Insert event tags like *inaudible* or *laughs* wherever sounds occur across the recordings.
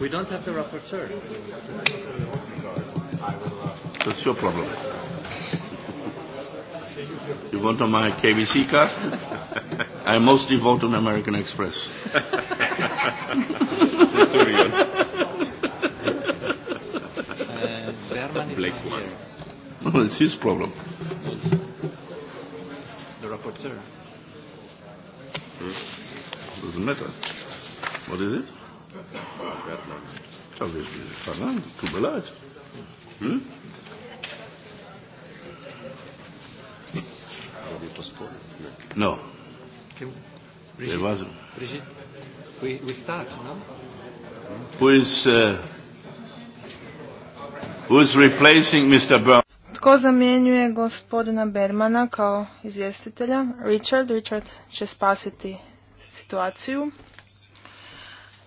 We don't have the rapporteur. That's your problem. You want on my KBC card? *laughs* I mostly vote on American Express. *laughs* Uh, no, it's his problem. The rapporteur. Hmm? Doesn't matter. What is it? Ja, me sind Tut mir leid. Hm? No. Brigitte, was... Brigitte, we, we start, no? Who is, uh, who is replacing Mr. Berman? Tko zamjenjuje gospodina Bermana kao izvjestitelja? Richard, Richard će spasiti situaciju.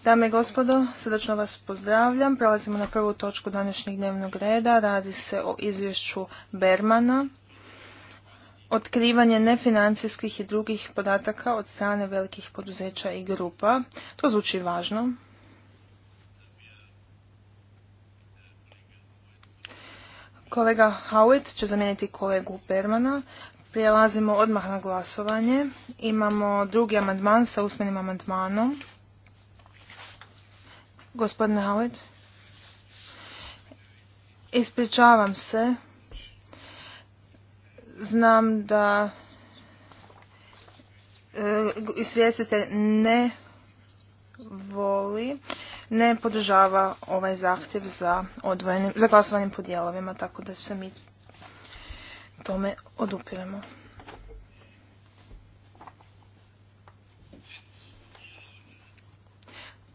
Dame i gospodo, srdačno vas pozdravljam. Prelazimo na prvu točku današnjeg dnevnog reda. Radi se o izvješću Bermana. Otkrivanje nefinancijskih i drugih podataka od strane velikih poduzeća i grupa. To zvuči važno. Kolega Howitt će zamijeniti kolegu Bermana. Prijelazimo odmah na glasovanje. Imamo drugi amandman sa usmenim amandmanom. Gospodine Howard, ispričavam se. Znam da e, izvjestitelj ne voli, ne podržava ovaj zahtjev za, odvojenim, za glasovanim po tako da se mi tome odupiremo.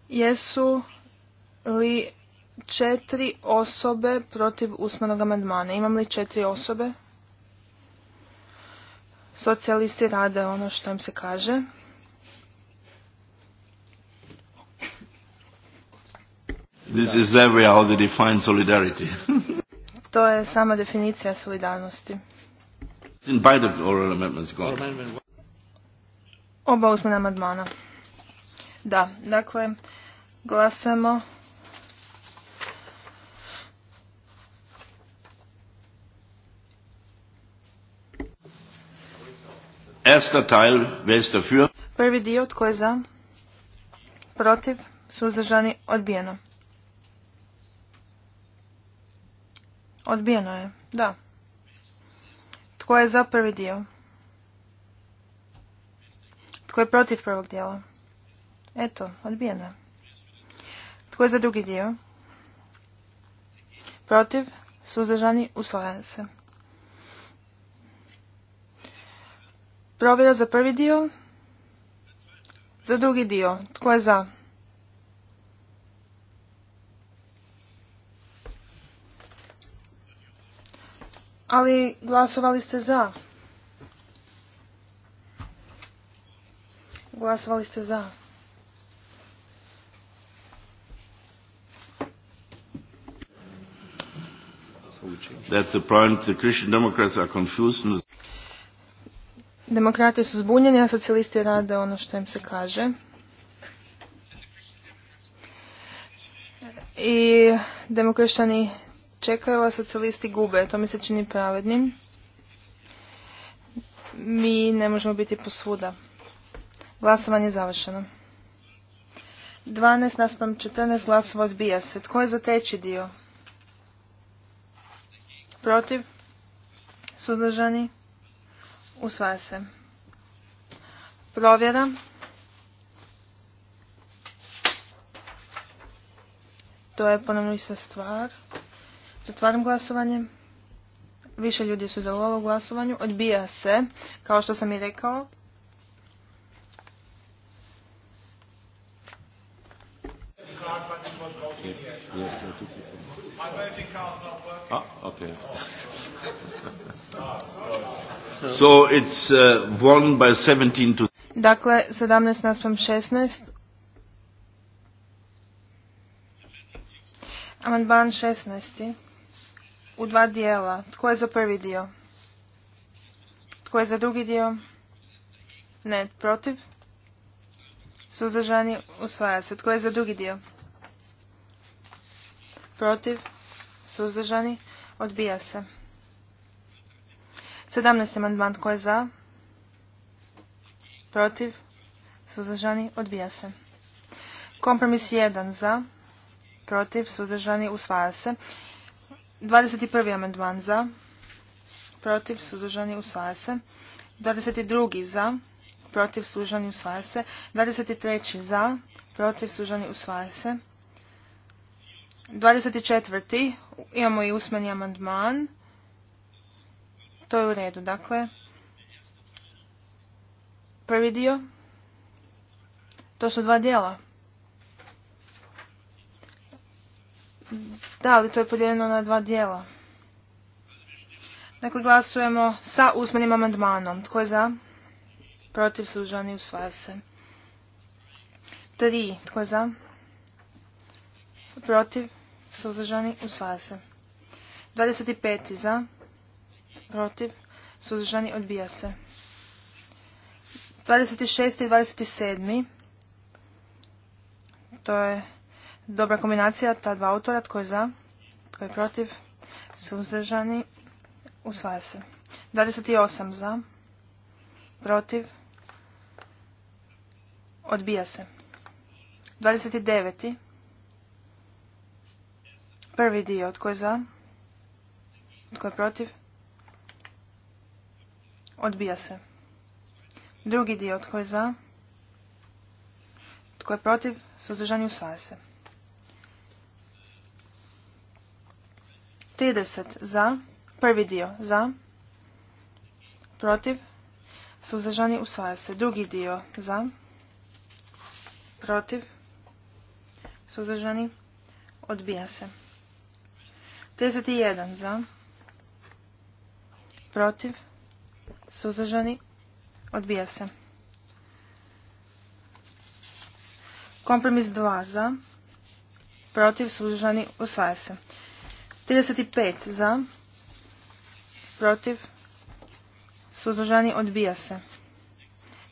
Jesu li četiri osobe protiv usmenog amandmana? Imam li četiri osobe? Socijalisti rade ono što im se kaže. This is how they define solidarity. *laughs* to je sama definicija solidarnosti. In oral amendments Oba usmena amandmana. Da, dakle, glasujemo Erster Teil, dafür? Prvi dio, tko je za? Protiv, suzdržani, odbijeno. Odbijeno je, da. Tko je za prvi dio? Tko je protiv prvog dijela? Eto, odbijeno je. Tko je za drugi dio? Protiv, suzdržani, usvaja se. Provjera za prvi dio. Za drugi dio. Tko je za? Ali glasovali ste za. Glasovali ste za. That's the point. The Christian Democrats are confused. Demokrati su zbunjeni, a socijalisti rade ono što im se kaže. I demokršćani čekaju, a socijalisti gube. To mi se čini pravednim. Mi ne možemo biti posvuda. Glasovanje je završeno. 12 naspam 14 glasova odbija se. Tko je za teći dio? Protiv? Suzdržani? Usvaja se. Provjera. To je ponovno ista stvar. Zatvaram glasovanje. Više ljudi su dovoljali u glasovanju. Odbija se, kao što sam i rekao. A, So it's uh, won by 17 to... Dakle, 17 naspram 16. Amandban 16. U dva dijela. Tko je za prvi dio? Tko je za drugi dio? Ne. Protiv? Suzdržani usvaja se. Tko je za drugi dio? Protiv? Suzdržani odbija se. 17. amandman tko je za? Protiv? Suzdržani? Odbija se. Kompromis 1 za? Protiv? Suzdržani? Usvaja se. 21. amandman za? Protiv? Suzdržani? Usvaja se. 22. za? Protiv? Suzdržani? Usvaja se. 23. za? Protiv? Suzdržani? Usvaja se. 24. imamo i usmeni amandman. To je u redu. Dakle, prvi dio. To su dva dijela. Da, ali to je podijeljeno na dva dijela. Dakle, glasujemo sa usmenim amandmanom. Tko je za? Protiv suzdržani usvaja se. Tri. Tko je za? Protiv suzdržani usvaja se. 25. za protiv, suzdržani, odbija se. 26. i 27. To je dobra kombinacija ta dva autora. Tko je za? Tko je protiv? Suzdržani. Usvaja se. 28 za. Protiv. Odbija se. 29. Prvi dio. Tko je za? Tko je protiv? Odbija se. Drugi dio. Tko je za? Tko je protiv? Suzdržani usvaja se. 30 za. Prvi dio za. Protiv. Suzdržani usvaja se. Drugi dio za. Protiv. Suzdržani odbija se. 31 za. Protiv. Suzdržani? Odbija se. Kompromis 2 za. Protiv suzdržani usvaja se. 35 za. Protiv suzdržani odbija se.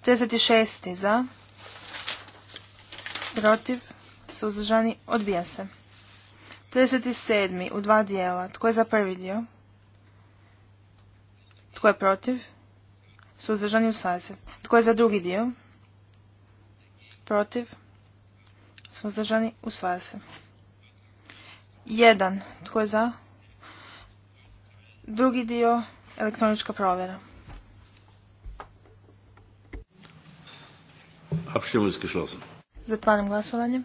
36 za. Protiv suzdržani odbija se. 37. u dva dijela. Tko je za prvi dio? Tko je protiv? Suzdržani u se. Tko je za drugi dio? Protiv? Suzdržani usvaja se. Jedan. Tko je za? Drugi dio elektronička provjera. Zatvaram glasovanje.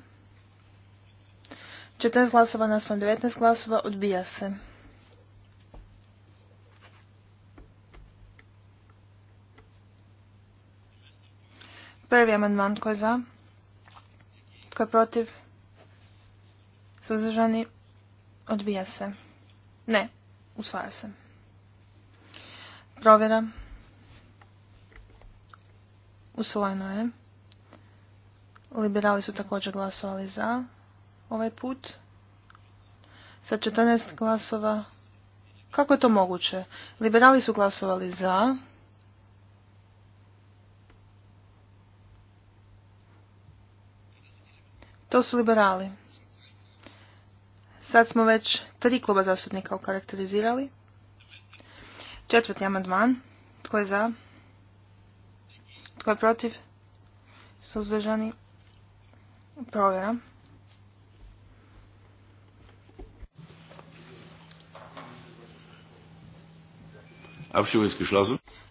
14 glasova naspram 19 glasova odbija se. Prvi amandman tko je za? Tko je protiv? Suzdržani? Odbija se. Ne, usvaja se. Provjera. Usvojeno je. Liberali su također glasovali za ovaj put. Sa 14 glasova. Kako je to moguće? Liberali su glasovali za. to su liberali. Sad smo već tri kluba zastupnika okarakterizirali. Četvrti amandman. Tko je za? Tko je protiv? Suzdržani? Provjera.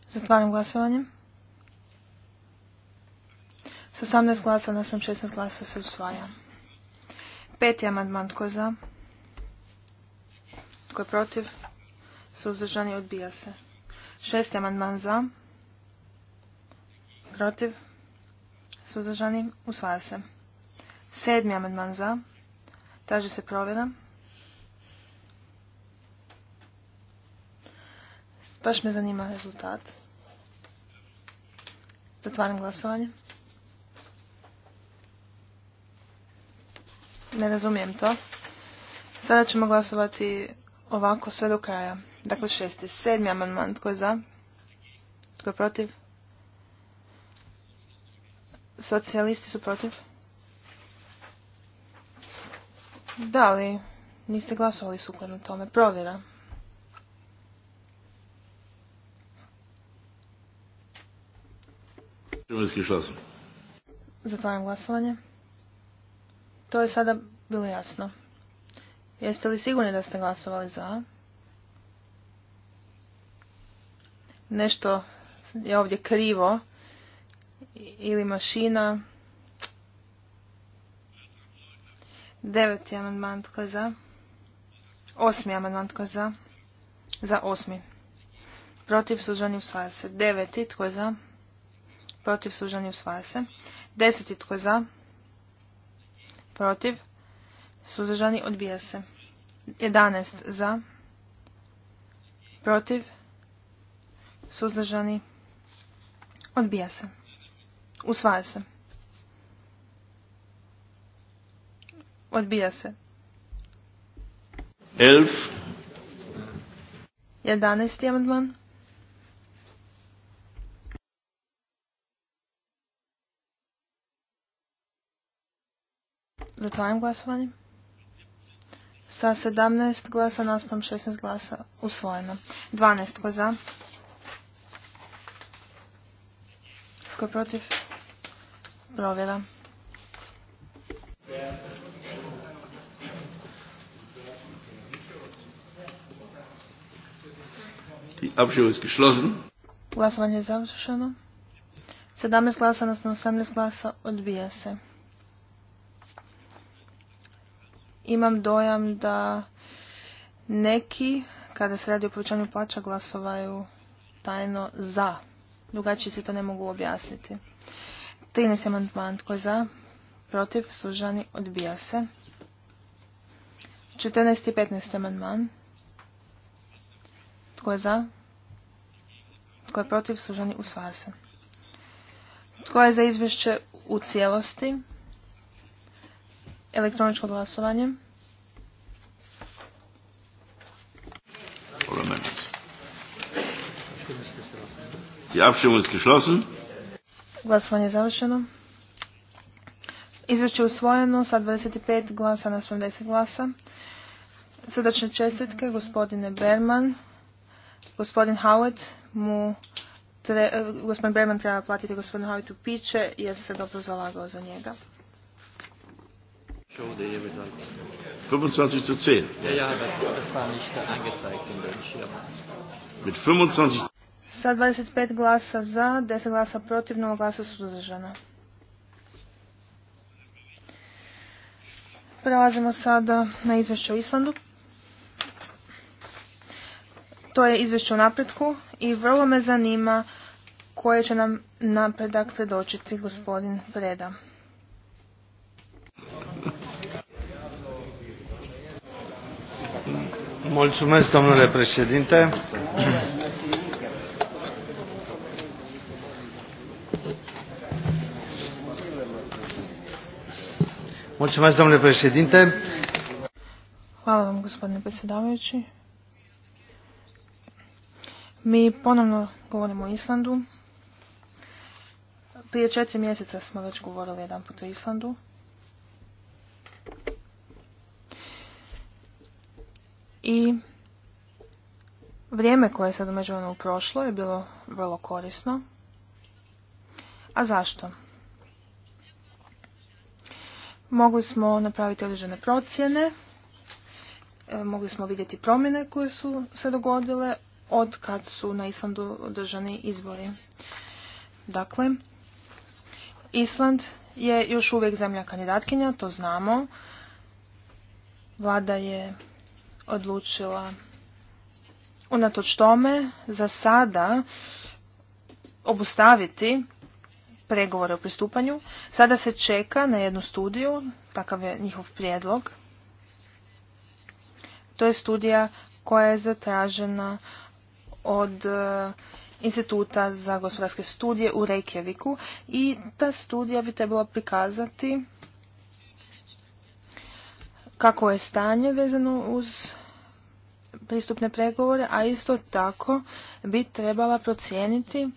Zatvaram glasovanje. S 18 glasa naspram 16 glasa se usvaja. Peti amandman tko je za? Tko je protiv? Suzdržani odbija se. Šesti amandman za? Protiv? Suzdržani usvaja se. Sedmi amandman za? Traži se provjera. Baš me zanima rezultat. Zatvaram glasovanje. Ne razumijem to. Sada ćemo glasovati ovako sve do kraja. Dakle, šesti, sedmi amandman. Tko je za? Tko je protiv? Socijalisti su protiv? Da li niste glasovali sukladno tome? Provjera. Zatvaram glasovanje. To je sada bilo jasno. Jeste li sigurni da ste glasovali za? Nešto je ovdje krivo. Ili mašina. Deveti amandman tko je za? Osmi amandman tko je za? Za osmi. Protiv suženju usvaja se. Deveti tko je za? Protiv suženju usvaja se. Deseti tko je za? protiv, suzdržani, odbija se. 11 za, protiv, suzdržani, odbija se. Usvaja se. Odbija se. 11. 11. amandman. Zatvaram glasovanje. Sa 17 glasa naspom 16 glasa usvojeno. 12 ko za? Tko je protiv? Provjera. Die Abstimmung ist geschlossen. Glasovanje je završeno. 17 glasa naspram 18 glasa odbija se. imam dojam da neki, kada se radi o povećanju plaća, glasovaju tajno za. Drugačije se to ne mogu objasniti. 13. amandman, tko je za? Protiv, sužani, odbija se. 14. i 15. amandman. Tko je za? Tko je protiv? Sužani usvaja se. Tko je za izvješće u cijelosti? Elektroničko glasovanje. Glasovanje je završeno. Izvješće je usvojeno sa 25 glasa na 70 glasa. Srdačne čestitke gospodine Berman. Gospodin Howard mu eh, gospodin Berman treba platiti gospodinu Howittu piće jer se dobro zalagao za njega. 25 zu 10. Ja, ja, das war nicht angezeigt in dem Schirm. Mit 25 sa 25 glasa za, 10 glasa protiv, 0 glasa suzdržana. Prelazimo sada na izvješće o Islandu. To je izvješće o napretku i vrlo me zanima koje će nam napredak predočiti gospodin Preda. Hvala vam, gospodine predsjedavajući. Mi ponovno govorimo o Islandu. Prije četiri mjeseca smo već govorili jedan put o Islandu. i vrijeme koje je sad umeđu prošlo je bilo vrlo korisno. A zašto? Mogli smo napraviti određene procjene, e, mogli smo vidjeti promjene koje su se dogodile od kad su na Islandu održani izbori. Dakle, Island je još uvijek zemlja kandidatkinja, to znamo. Vlada je odlučila. Unatoč tome, za sada obustaviti pregovore o pristupanju. Sada se čeka na jednu studiju, takav je njihov prijedlog. To je studija koja je zatražena od e, Instituta za gospodarske studije u Reykjaviku i ta studija bi trebala prikazati kako je stanje vezano uz pristupne pregovore, a isto tako bi trebala procijeniti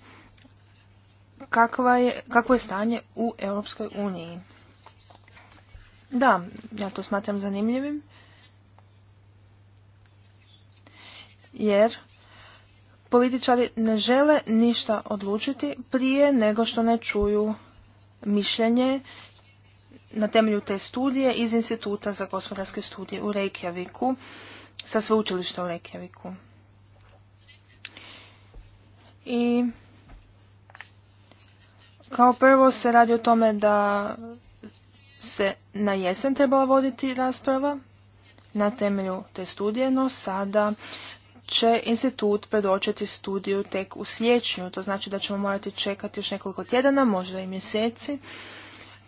kakva je, kakvo je stanje u Europskoj uniji. Da, ja to smatram zanimljivim, jer političari ne žele ništa odlučiti prije nego što ne čuju mišljenje na temelju te studije iz Instituta za gospodarske studije u Reykjaviku sa sveučilišta u Reykjaviku. I kao prvo se radi o tome da se na jesen trebala voditi rasprava na temelju te studije, no sada će institut predočiti studiju tek u siječnju, to znači da ćemo morati čekati još nekoliko tjedana, možda i mjeseci,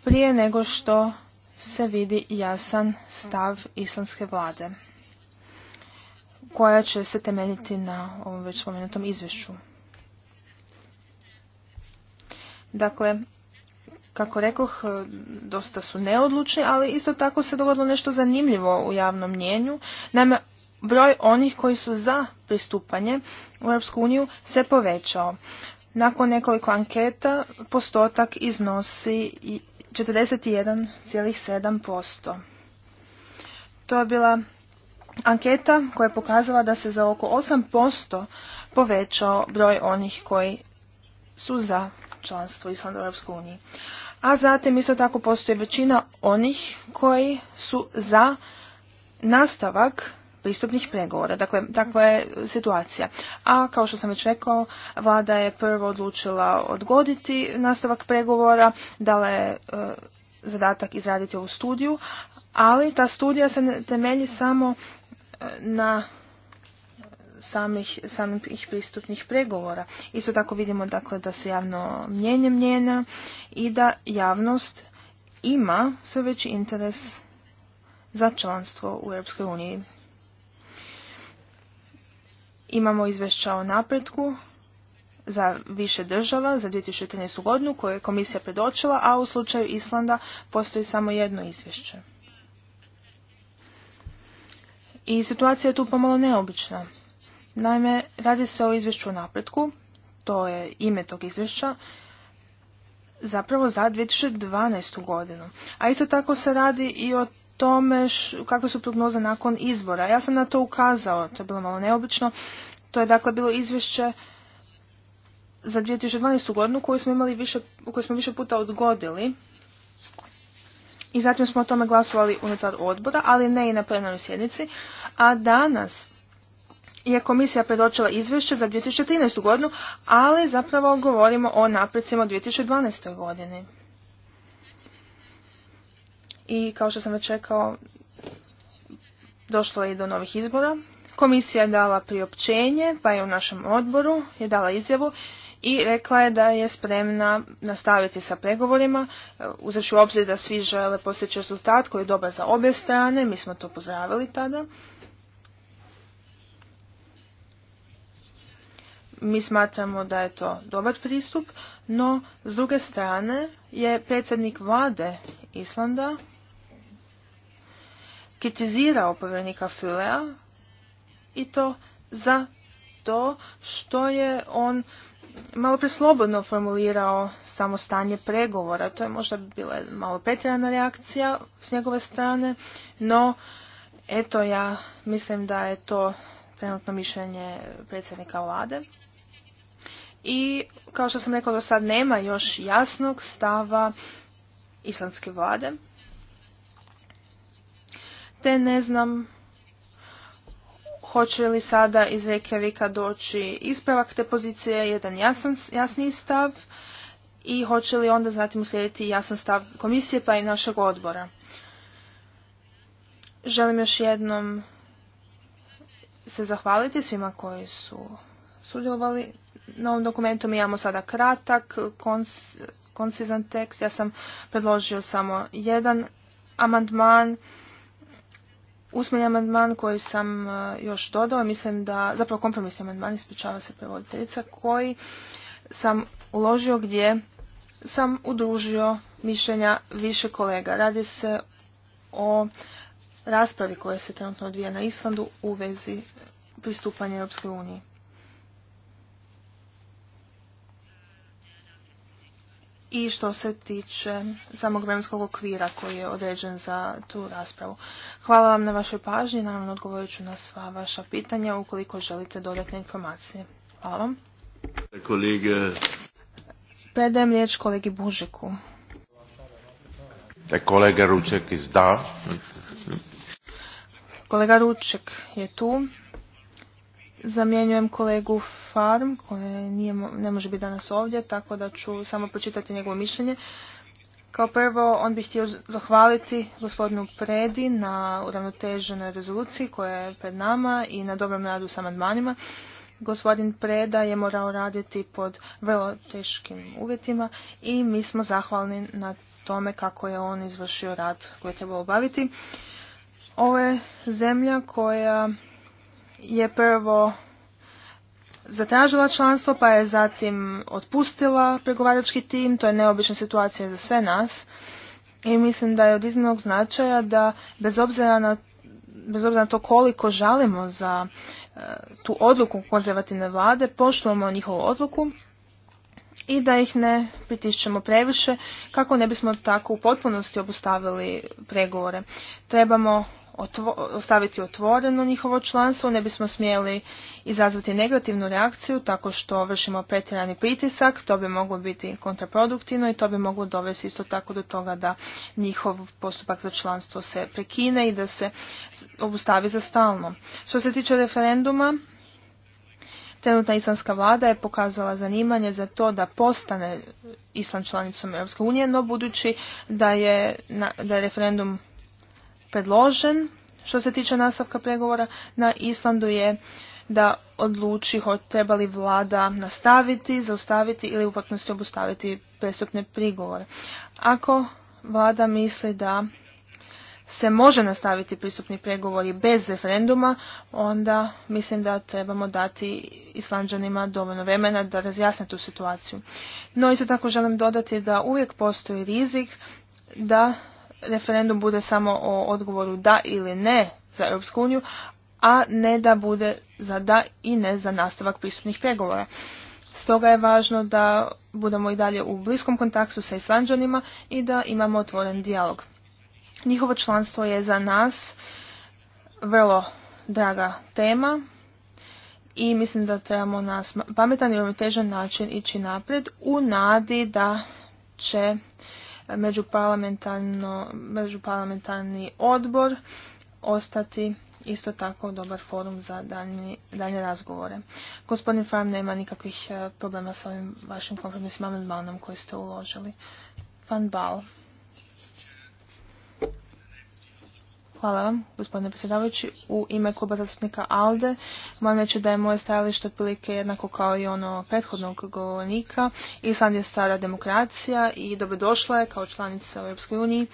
prije nego što se vidi jasan stav islamske vlade koja će se temeljiti na ovom već spomenutom izvješću. Dakle, kako rekoh, dosta su neodlučni, ali isto tako se dogodilo nešto zanimljivo u javnom mnjenju. Naime, broj onih koji su za pristupanje u Europsku uniju se povećao. Nakon nekoliko anketa postotak iznosi 41,7%. To je bila anketa koja je pokazala da se za oko 8% povećao broj onih koji su za članstvo Islanda u eu uniji. A zatim isto tako postoji većina onih koji su za nastavak pristupnih pregovora. Dakle, takva je situacija. A kao što sam već rekao, vlada je prvo odlučila odgoditi nastavak pregovora, dala je e, zadatak izraditi ovu studiju, ali ta studija se temelji samo e, na samih, pristupnih pregovora. Isto tako vidimo dakle da se javno mnjenje mnjena i da javnost ima sve veći interes za članstvo u Europskoj uniji. Imamo izvješća o napretku za više država za 2013. godinu koje je komisija predočila, a u slučaju Islanda postoji samo jedno izvješće. I situacija je tu pomalo neobična. Naime, radi se o izvješću o napretku, to je ime tog izvješća, zapravo za 2012. godinu. A isto tako se radi i o tome š, kakve su prognoze nakon izbora. Ja sam na to ukazao, to je bilo malo neobično. To je dakle bilo izvješće za 2012. godinu koju smo imali više, koju smo više puta odgodili. I zatim smo o tome glasovali unutar odbora, ali ne i na plenarnoj sjednici. A danas je komisija predočila izvješće za 2013. godinu, ali zapravo govorimo o naprecima u 2012. godini i kao što sam već rekao, došlo je i do novih izbora. Komisija je dala priopćenje, pa je u našem odboru je dala izjavu i rekla je da je spremna nastaviti sa pregovorima, e, uzevši u obzir da svi žele postići rezultat koji je dobar za obje strane, mi smo to pozdravili tada. Mi smatramo da je to dobar pristup, no s druge strane je predsjednik vlade Islanda kritizirao povjerenika Fulea i to za to što je on malo preslobodno formulirao samo stanje pregovora. To je možda bila malo pretjerana reakcija s njegove strane, no eto ja mislim da je to trenutno mišljenje predsjednika vlade. I kao što sam rekao do sad nema još jasnog stava islamske vlade te ne znam hoće li sada iz vika doći ispravak te pozicije, jedan jasan, jasni stav i hoće li onda zatim uslijediti jasan stav komisije pa i našeg odbora. Želim još jednom se zahvaliti svima koji su sudjelovali na ovom dokumentu. Mi imamo sada kratak, koncizan tekst. Ja sam predložio samo jedan amandman Usmeni amandman koji sam e, još dodao, mislim da, zapravo kompromisni amandman ispričava se prevoditeljica, koji sam uložio gdje sam udružio mišljenja više kolega. Radi se o raspravi koja se trenutno odvija na Islandu u vezi pristupanja Europskoj uniji. i što se tiče samog vremenskog okvira koji je određen za tu raspravu. Hvala vam na vašoj pažnji, naravno odgovorit ću na sva vaša pitanja ukoliko želite dodatne informacije. Hvala vam. Predajem riječ kolegi Bužiku. E, kolega Ruček je tu, Zamjenjujem kolegu Farm koji nije, ne može biti danas ovdje, tako da ću samo pročitati njegovo mišljenje. Kao prvo, on bi htio zahvaliti gospodinu Predi na uravnoteženoj rezoluciji koja je pred nama i na dobrom radu sa amandmanima. Gospodin Preda je morao raditi pod vrlo teškim uvjetima i mi smo zahvalni na tome kako je on izvršio rad koji je trebao obaviti. Ovo je zemlja koja je prvo zatražila članstvo, pa je zatim otpustila pregovarački tim. To je neobična situacija za sve nas. I mislim da je od iznimnog značaja da bez obzira na bez obzira na to koliko žalimo za e, tu odluku konzervativne vlade, poštujemo njihovu odluku i da ih ne pritišćemo previše kako ne bismo tako u potpunosti obustavili pregovore. Trebamo ostaviti otvoreno njihovo članstvo, ne bismo smjeli izazvati negativnu reakciju tako što vršimo pretjerani pritisak, to bi moglo biti kontraproduktivno i to bi moglo dovesti isto tako do toga da njihov postupak za članstvo se prekine i da se obustavi za stalno. Što se tiče referenduma, Trenutna islamska vlada je pokazala zanimanje za to da postane islam članicom EU, no budući da da je referendum predložen što se tiče nastavka pregovora na Islandu je da odluči treba li vlada nastaviti, zaustaviti ili u potpunosti obustaviti prestupne prigovore. Ako vlada misli da se može nastaviti pristupni pregovori bez referenduma, onda mislim da trebamo dati Islanđanima dovoljno vremena da razjasne tu situaciju. No isto tako želim dodati da uvijek postoji rizik da referendum bude samo o odgovoru da ili ne za Europsku uniju, a ne da bude za da i ne za nastavak pristupnih pregovora. Stoga je važno da budemo i dalje u bliskom kontaktu sa Islanđanima i da imamo otvoren dijalog. Njihovo članstvo je za nas vrlo draga tema i mislim da trebamo na pametan i težan način ići naprijed u nadi da će međuparlamentarni odbor ostati isto tako dobar forum za daljnje, razgovore. Gospodin Farm nema nikakvih eh, problema sa ovim vašim kompromisima amandmanom koji ste uložili. Van Baal. Hvala vam, gospodine predsjedavajući. U ime kluba zastupnika ALDE moram reći da je moje stajalište otprilike jednako kao i ono prethodnog govornika. Island je stara demokracija i dobrodošla je kao članica u Europskoj uniji.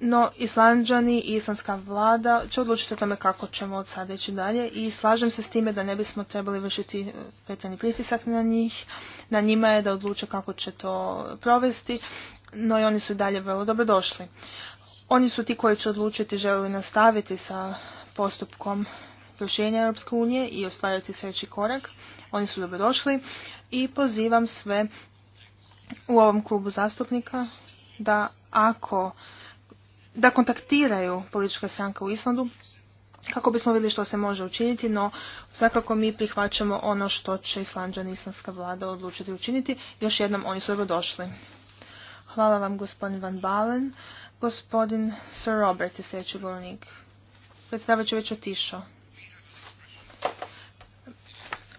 No, Islanđani i islandska vlada će odlučiti o tome kako ćemo od sada ići dalje i slažem se s time da ne bismo trebali vršiti e, petani pritisak na njih. Na njima je da odluče kako će to provesti, no i oni su dalje vrlo dobrodošli. Oni su ti koji će odlučiti želi nastaviti sa postupkom proširenja Europske unije i ostvariti sljedeći korak. Oni su dobrodošli i pozivam sve u ovom klubu zastupnika da ako da kontaktiraju politička stranka u Islandu kako bismo vidjeli što se može učiniti, no svakako mi prihvaćamo ono što će Islanđan i Islandska vlada odlučiti učiniti. Još jednom oni su došli. Hvala vam gospodin Van Balen Gospodin Sir Robert je sljedeći govornik. Predstavit je već otišao.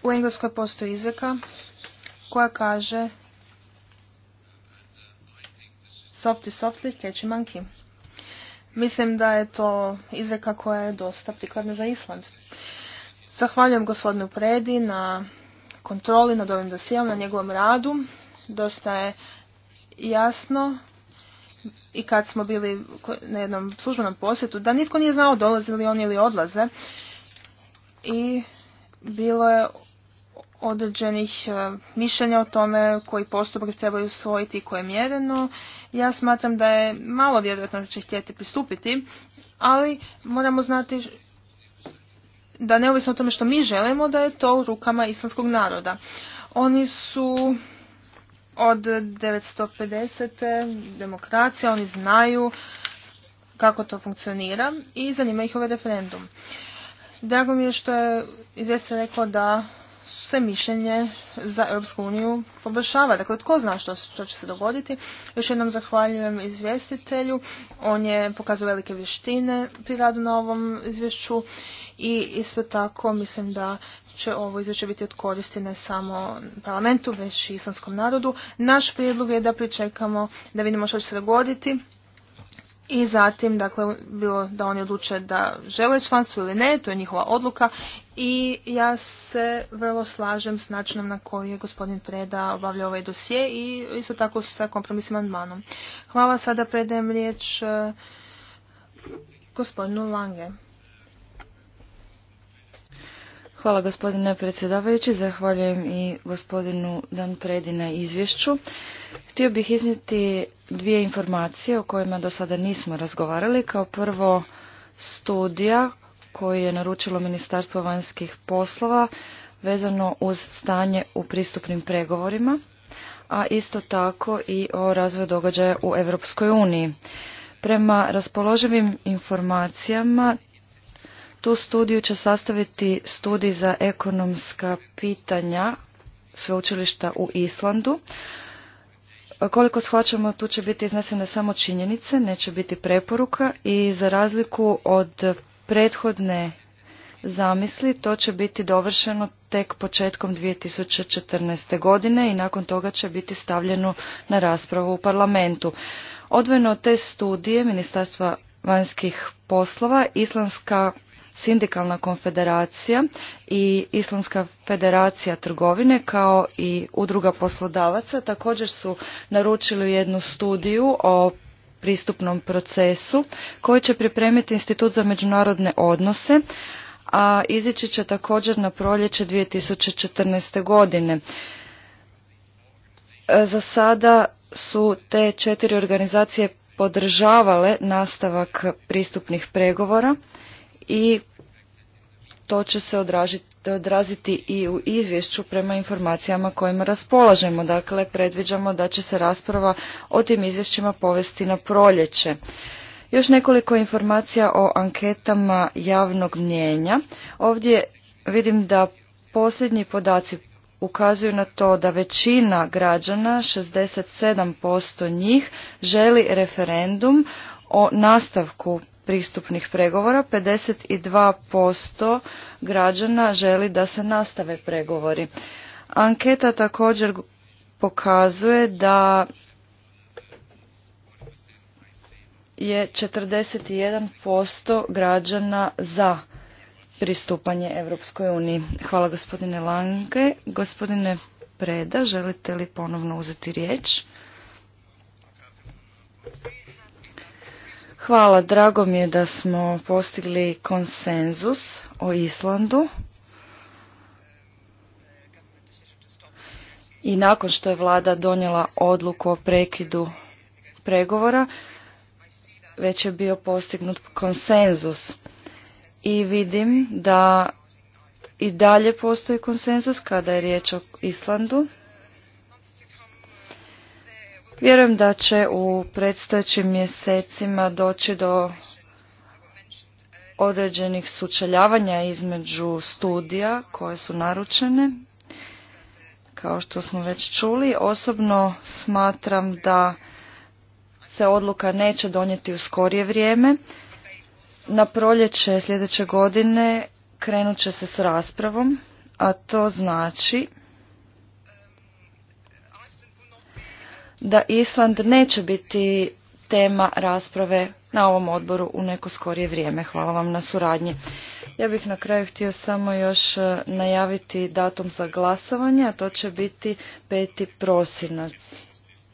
U Engleskoj postoji izreka koja kaže Softy softly catchy monkey. Mislim da je to izreka koja je dosta prikladna za Island. Zahvaljujem gospodinu Predi na kontroli nad ovim dosijom, na njegovom radu. Dosta je jasno i kad smo bili na jednom službenom posjetu, da nitko nije znao dolaze li oni ili odlaze. I bilo je određenih e, mišljenja o tome koji postupak trebaju usvojiti i koje mjereno. Ja smatram da je malo vjerojatno da će htjeti pristupiti, ali moramo znati da neovisno o tome što mi želimo, da je to u rukama islamskog naroda. Oni su od 950. demokracija, oni znaju kako to funkcionira i zanima ih ovaj referendum. Drago mi je što je izvjesto rekao da se mišljenje za Europsku uniju poboljšava. Dakle, tko zna što, što će se dogoditi. Još jednom zahvaljujem izvjestitelju. On je pokazao velike vještine pri radu na ovom izvješću i isto tako mislim da će ovo izvješće biti od koristi ne samo parlamentu, već i islamskom narodu. Naš prijedlog je da pričekamo, da vidimo što će se dogoditi i zatim, dakle, bilo da oni odluče da žele članstvo ili ne, to je njihova odluka i ja se vrlo slažem s načinom na koji je gospodin Preda obavljao ovaj dosje i isto tako sa kompromisnim amandmanom. Hvala, sada predajem riječ eh, gospodinu Lange. Hvala gospodine predsjedavajući, zahvaljujem i gospodinu Dan Predi na izvješću. Htio bih iznijeti dvije informacije o kojima do sada nismo razgovarali. Kao prvo studija koju je naručilo Ministarstvo vanjskih poslova vezano uz stanje u pristupnim pregovorima, a isto tako i o razvoju događaja u Europskoj uniji. Prema raspoloživim informacijama tu studiju će sastaviti studij za ekonomska pitanja sveučilišta u Islandu. Koliko shvaćamo, tu će biti iznesene samo činjenice, neće biti preporuka i za razliku od prethodne zamisli, to će biti dovršeno tek početkom 2014. godine i nakon toga će biti stavljeno na raspravu u parlamentu. Odvojeno od te studije Ministarstva vanjskih poslova, Islandska Sindikalna konfederacija i Islamska federacija trgovine kao i udruga poslodavaca također su naručili jednu studiju o pristupnom procesu koji će pripremiti Institut za međunarodne odnose, a izići će također na proljeće 2014. godine. E, za sada su te četiri organizacije podržavale nastavak pristupnih pregovora i to će se odraziti i u izvješću prema informacijama kojima raspolažemo. Dakle, predviđamo da će se rasprava o tim izvješćima povesti na proljeće. Još nekoliko informacija o anketama javnog mnjenja. Ovdje vidim da posljednji podaci ukazuju na to da većina građana, 67% njih, želi referendum o nastavku pristupnih pregovora 52% građana želi da se nastave pregovori. Anketa također pokazuje da je 41% građana za pristupanje Europskoj uniji. Hvala gospodine Lange. Gospodine Preda, želite li ponovno uzeti riječ? Hvala, drago mi je da smo postigli konsenzus o Islandu. I nakon što je vlada donijela odluku o prekidu pregovora, već je bio postignut konsenzus. I vidim da i dalje postoji konsenzus kada je riječ o Islandu. Vjerujem da će u predstojećim mjesecima doći do određenih sučeljavanja između studija koje su naručene. Kao što smo već čuli, osobno smatram da se odluka neće donijeti u skorije vrijeme. Na proljeće sljedeće godine krenut će se s raspravom, a to znači da Island neće biti tema rasprave na ovom odboru u neko skorije vrijeme. Hvala vam na suradnji. Ja bih na kraju htio samo još e, najaviti datum za glasovanje, a to će biti 5. prosinac.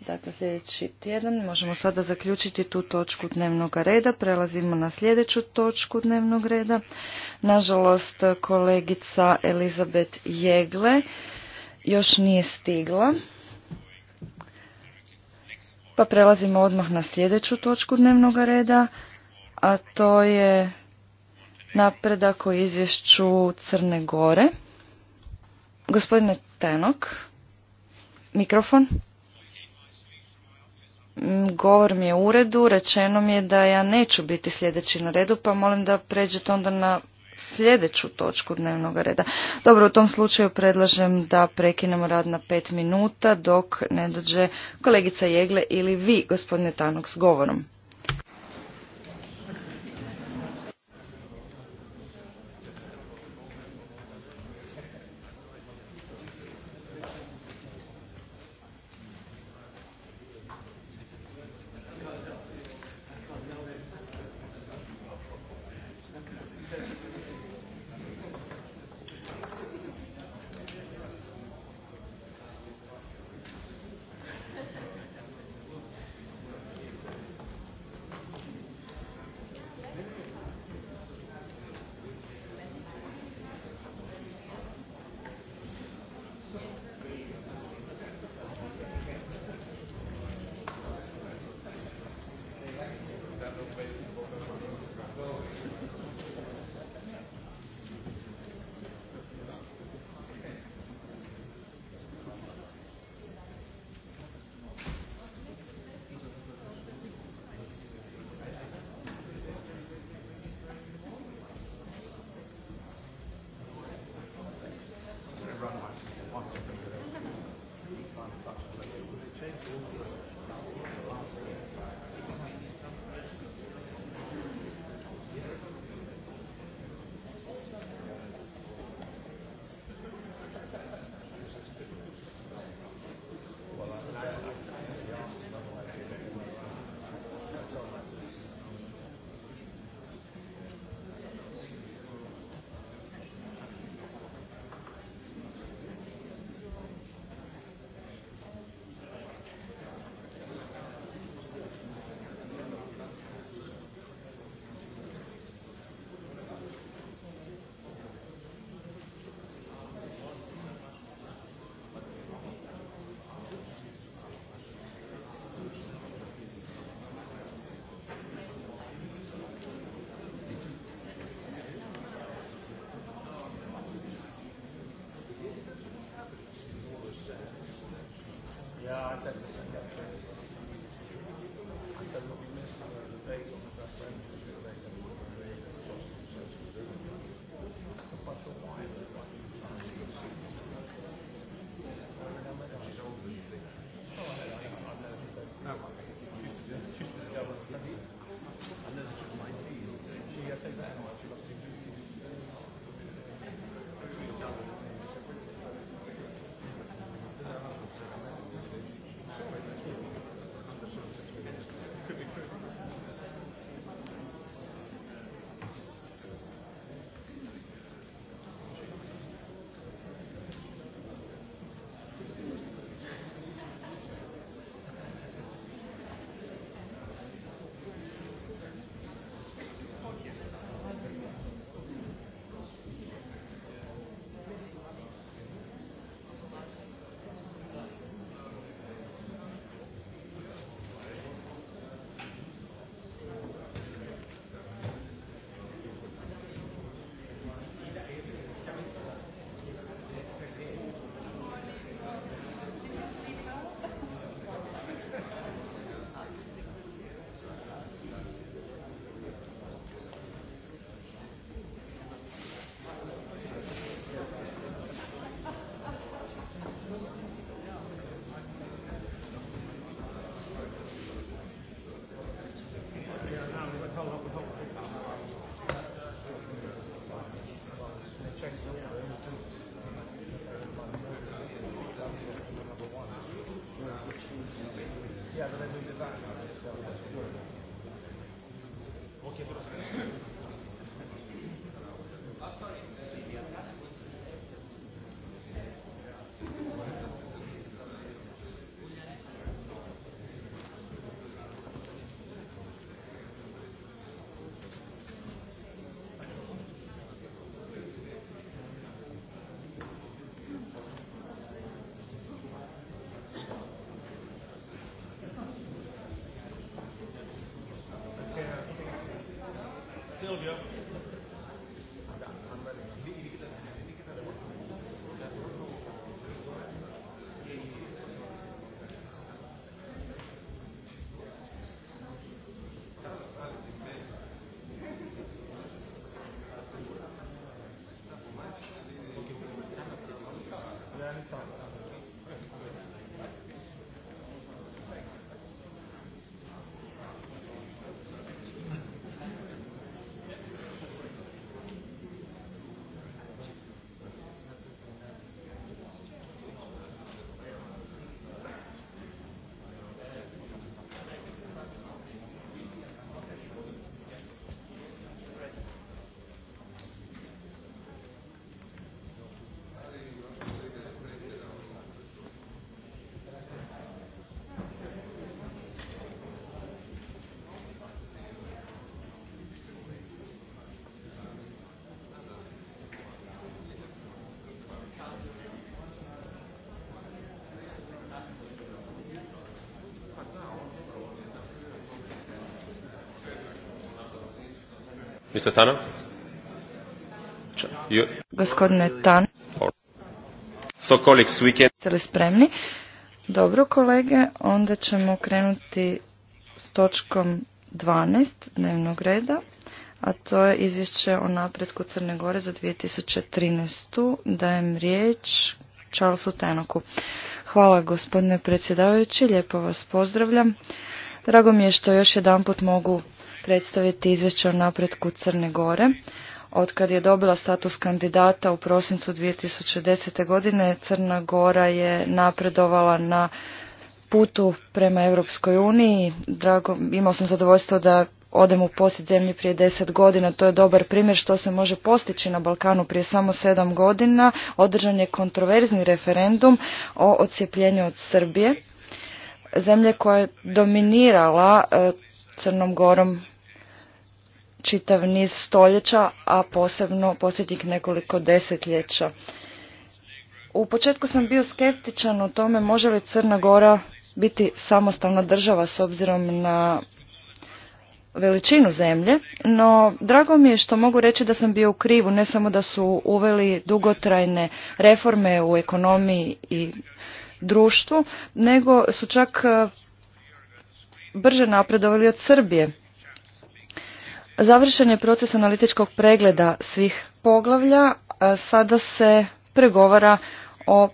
Dakle, sljedeći tjedan možemo sada zaključiti tu točku dnevnog reda. Prelazimo na sljedeću točku dnevnog reda. Nažalost, kolegica Elizabet Jegle još nije stigla. Pa prelazimo odmah na sljedeću točku dnevnog reda, a to je napredak o izvješću Crne Gore. Gospodine Tenok, mikrofon. Mm, govor mi je u uredu, rečeno mi je da ja neću biti sljedeći na redu, pa molim da pređete onda na sljedeću točku dnevnog reda. Dobro, u tom slučaju predlažem da prekinemo rad na pet minuta dok ne dođe kolegica Jegle ili vi, gospodine Tanok, s govorom. Gospodine Tan. So Ste li spremni? Dobro kolege, onda ćemo krenuti s točkom 12 dnevnog reda, a to je izvješće o napretku Crne Gore za 2013. Dajem riječ Charlesu Tenoku. Hvala gospodine predsjedavajući, lijepo vas pozdravljam. Drago mi je što još jedanput mogu predstaviti izvješće o napretku Crne Gore. Od kad je dobila status kandidata u prosincu 2010. godine, Crna Gora je napredovala na putu prema Europskoj uniji. Drago, imao sam zadovoljstvo da odem u posjet zemlji prije deset godina. To je dobar primjer što se može postići na Balkanu prije samo sedam godina. Održan je kontroverzni referendum o ocijepljenju od Srbije. Zemlje koja je dominirala e, Crnom Gorom čitav niz stoljeća, a posebno posljednjih nekoliko desetljeća. U početku sam bio skeptičan o tome može li Crna Gora biti samostalna država s obzirom na veličinu zemlje, no drago mi je što mogu reći da sam bio u krivu, ne samo da su uveli dugotrajne reforme u ekonomiji i društvu, nego su čak eh, brže napredovali od Srbije. Završen je proces analitičkog pregleda svih poglavlja. Sada se pregovara o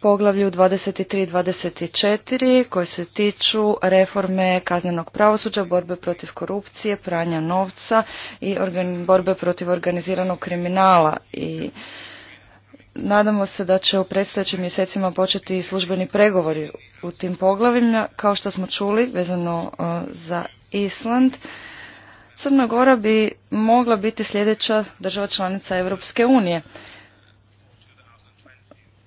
poglavlju 23 i 24 koje se tiču reforme kaznenog pravosuđa, borbe protiv korupcije, pranja novca i borbe protiv organiziranog kriminala i Nadamo se da će u predstojećim mjesecima početi službeni pregovori u tim poglavljima, kao što smo čuli vezano e, za Island. Crna Gora bi mogla biti sljedeća država članica Europske unije.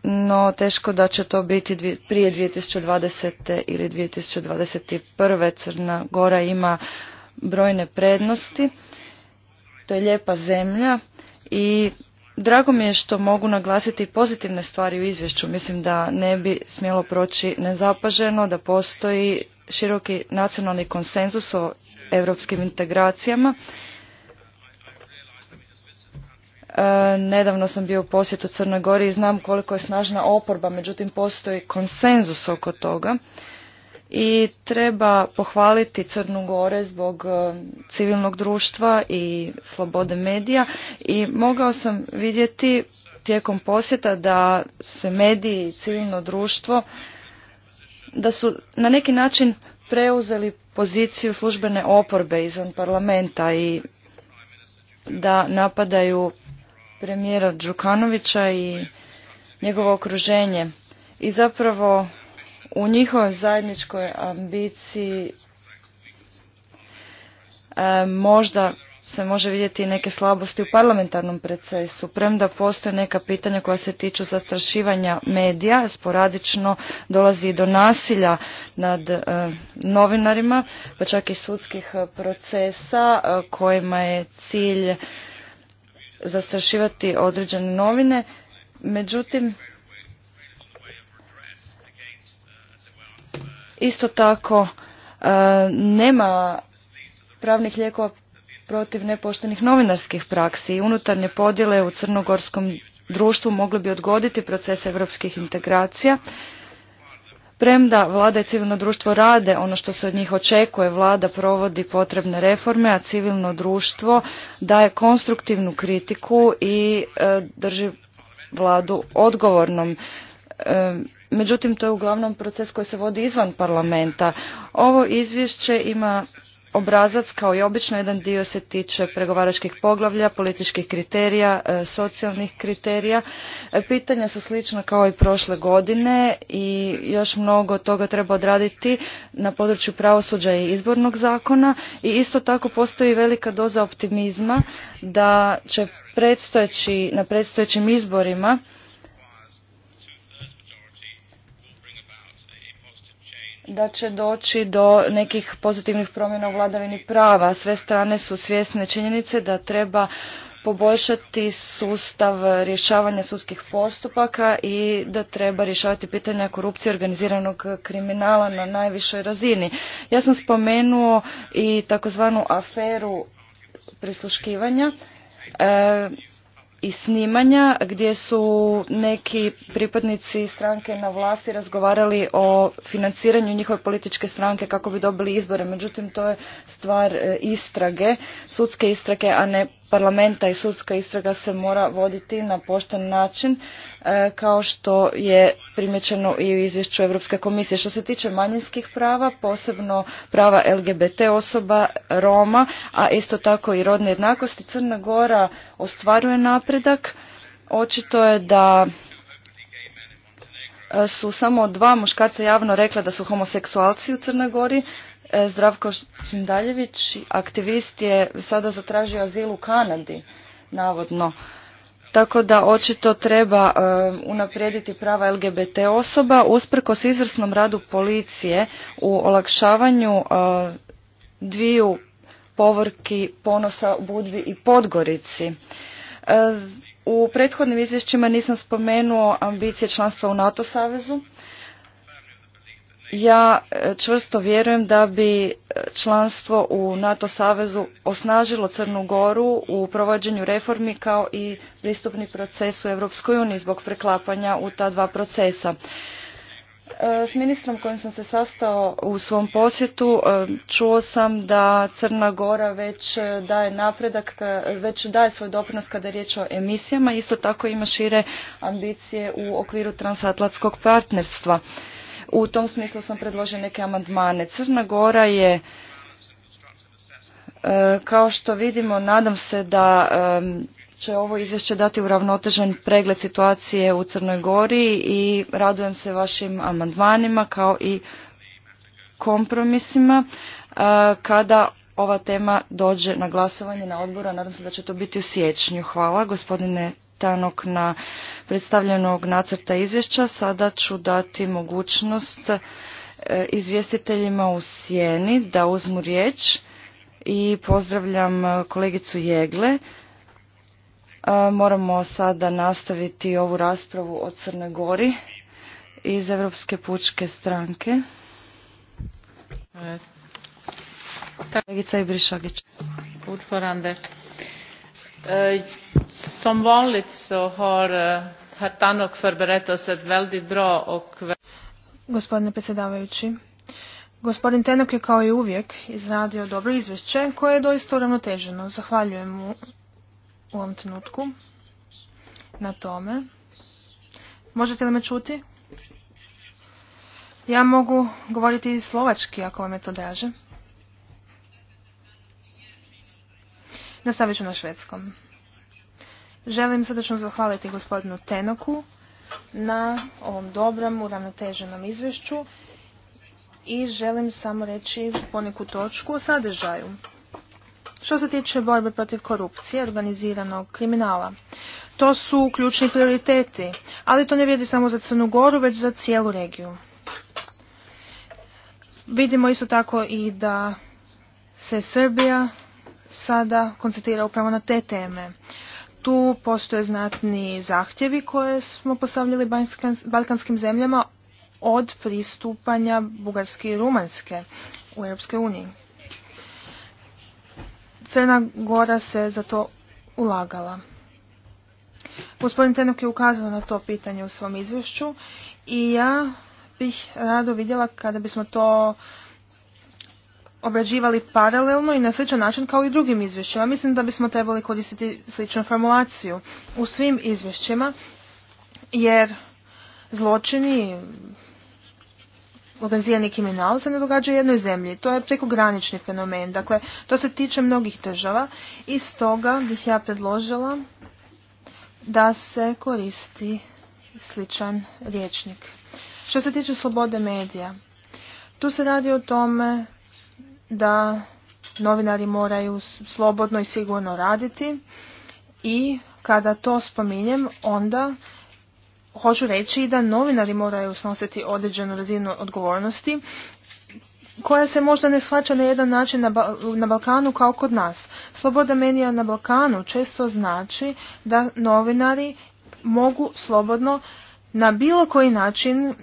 No teško da će to biti prije 2020. ili 2021. Crna Gora ima brojne prednosti. To je lijepa zemlja i drago mi je što mogu naglasiti pozitivne stvari u izvješću. Mislim da ne bi smjelo proći nezapaženo da postoji široki nacionalni konsenzus o europskim integracijama. E, nedavno sam bio u posjetu Crnoj Gori i znam koliko je snažna oporba, međutim postoji konsenzus oko toga i treba pohvaliti Crnu Gore zbog e, civilnog društva i slobode medija i mogao sam vidjeti tijekom posjeta da se mediji i civilno društvo da su na neki način preuzeli poziciju službene oporbe izvan parlamenta i da napadaju premijera Đukanovića i njegovo okruženje. I zapravo u njihovoj zajedničkoj ambiciji e, možda se može vidjeti neke slabosti u parlamentarnom procesu, premda postoje neka pitanja koja se tiču zastrašivanja medija, sporadično dolazi i do nasilja nad e, novinarima, pa čak i sudskih e, procesa e, kojima je cilj zastrašivati određene novine. Međutim, isto tako nema pravnih lijekova protiv nepoštenih novinarskih praksi i unutarnje podjele u crnogorskom društvu mogli bi odgoditi proces europskih integracija. Premda vlada i civilno društvo rade ono što se od njih očekuje, vlada provodi potrebne reforme, a civilno društvo daje konstruktivnu kritiku i e, drži vladu odgovornom. E, međutim, to je uglavnom proces koji se vodi izvan parlamenta. Ovo izvješće ima obrazac kao i obično jedan dio se tiče pregovaračkih poglavlja, političkih kriterija, e, socijalnih kriterija. E, pitanja su slična kao i prošle godine i još mnogo toga treba odraditi na području pravosuđa i izbornog zakona i isto tako postoji velika doza optimizma da će predstojeći, na predstojećim izborima da će doći do nekih pozitivnih promjena u vladavini prava. Sve strane su svjesne činjenice da treba poboljšati sustav rješavanja sudskih postupaka i da treba rješavati pitanja korupcije organiziranog kriminala na najvišoj razini. Ja sam spomenuo i takozvanu aferu prisluškivanja. E, i snimanja gdje su neki pripadnici stranke na vlasti razgovarali o financiranju njihove političke stranke kako bi dobili izbore. Međutim, to je stvar e, istrage, sudske istrage, a ne parlamenta i sudska istraga se mora voditi na pošten način e, kao što je primjećeno i u izvješću Europske komisije. Što se tiče manjinskih prava, posebno prava LGBT osoba, Roma, a isto tako i rodne jednakosti, Crna Gora ostvaruje napredak. Očito je da e, su samo dva muškarca javno rekla da su homoseksualci u Crnoj Gori, E, Zdravko Šindaljević, aktivist je sada zatražio azil u Kanadi, navodno. Tako da očito treba e, unaprijediti prava LGBT osoba usprkos izvrsnom radu policije u olakšavanju e, dviju povorki ponosa Budvi i Podgorici. U prethodnim izvješćima nisam spomenuo ambicije članstva u NATO savezu ja e, čvrsto vjerujem da bi e, članstvo u NATO savezu osnažilo Crnu Goru u provođenju reformi kao i pristupni proces u EU uniji zbog preklapanja u ta dva procesa. E, s ministrom kojim sam se sastao u svom posjetu čuo sam da Crna Gora već daje napredak, već daje svoj doprinos kada je riječ o emisijama, isto tako ima šire ambicije u okviru transatlantskog partnerstva. U tom smislu sam predložio neke amandmane. Crna Gora je e, kao što vidimo, nadam se da e, će ovo izvješće dati uravnotežen pregled situacije u Crnoj Gori i radujem se vašim amandmanima kao i kompromisima e, kada ova tema dođe na glasovanje na odboru, a nadam se da će to biti u siječnju. Hvala gospodine Tanok na predstavljenog nacrta izvješća. Sada ću dati mogućnost e, izvjestiteljima u sjeni da uzmu riječ i pozdravljam kolegicu Jegle. E, moramo sada nastaviti ovu raspravu o Crnoj Gori iz Europske pučke stranke. E, Kolegica Ibrišagić. Utvorande. Eh, som vanligt har herr eh, Tannock förberett oss Gospodine predsjedavajući, gospodin Tenok je kao i uvijek izradio dobro izvješće koje je doista uravnoteženo. Zahvaljujem mu u ovom trenutku na tome. Možete li me čuti? Ja mogu govoriti i slovački ako vam je to draže. Nastavit ću na švedskom. Želim srdečno zahvaliti gospodinu Tenoku na ovom dobrom, uravnoteženom izvješću i želim samo reći poneku točku o sadržaju. Što se tiče borbe protiv korupcije, organiziranog kriminala, to su ključni prioriteti, ali to ne vrijedi samo za Crnu Goru, već za cijelu regiju. Vidimo isto tako i da se Srbija sada koncentrira upravo na te teme. Tu postoje znatni zahtjevi koje smo postavljali balkanskim zemljama od pristupanja Bugarske i Rumanske u Europske uniji. Crna Gora se za to ulagala. Gospodin Tenok je ukazao na to pitanje u svom izvješću i ja bih rado vidjela kada bismo to obrađivali paralelno i na sličan način kao i drugim izvješćima. Mislim da bismo trebali koristiti sličnu formulaciju u svim izvješćima jer zločini, organizirani kriminal se ne događa u jednoj zemlji. To je prekogranični fenomen. Dakle, to se tiče mnogih država i stoga bih ja predložila da se koristi sličan riječnik. Što se tiče slobode medija, tu se radi o tome da novinari moraju slobodno i sigurno raditi i kada to spominjem onda hoću reći da novinari moraju snositi određenu razinu odgovornosti koja se možda ne shvaća na jedan način na, na Balkanu kao kod nas. Sloboda menija na Balkanu često znači da novinari mogu slobodno na bilo koji način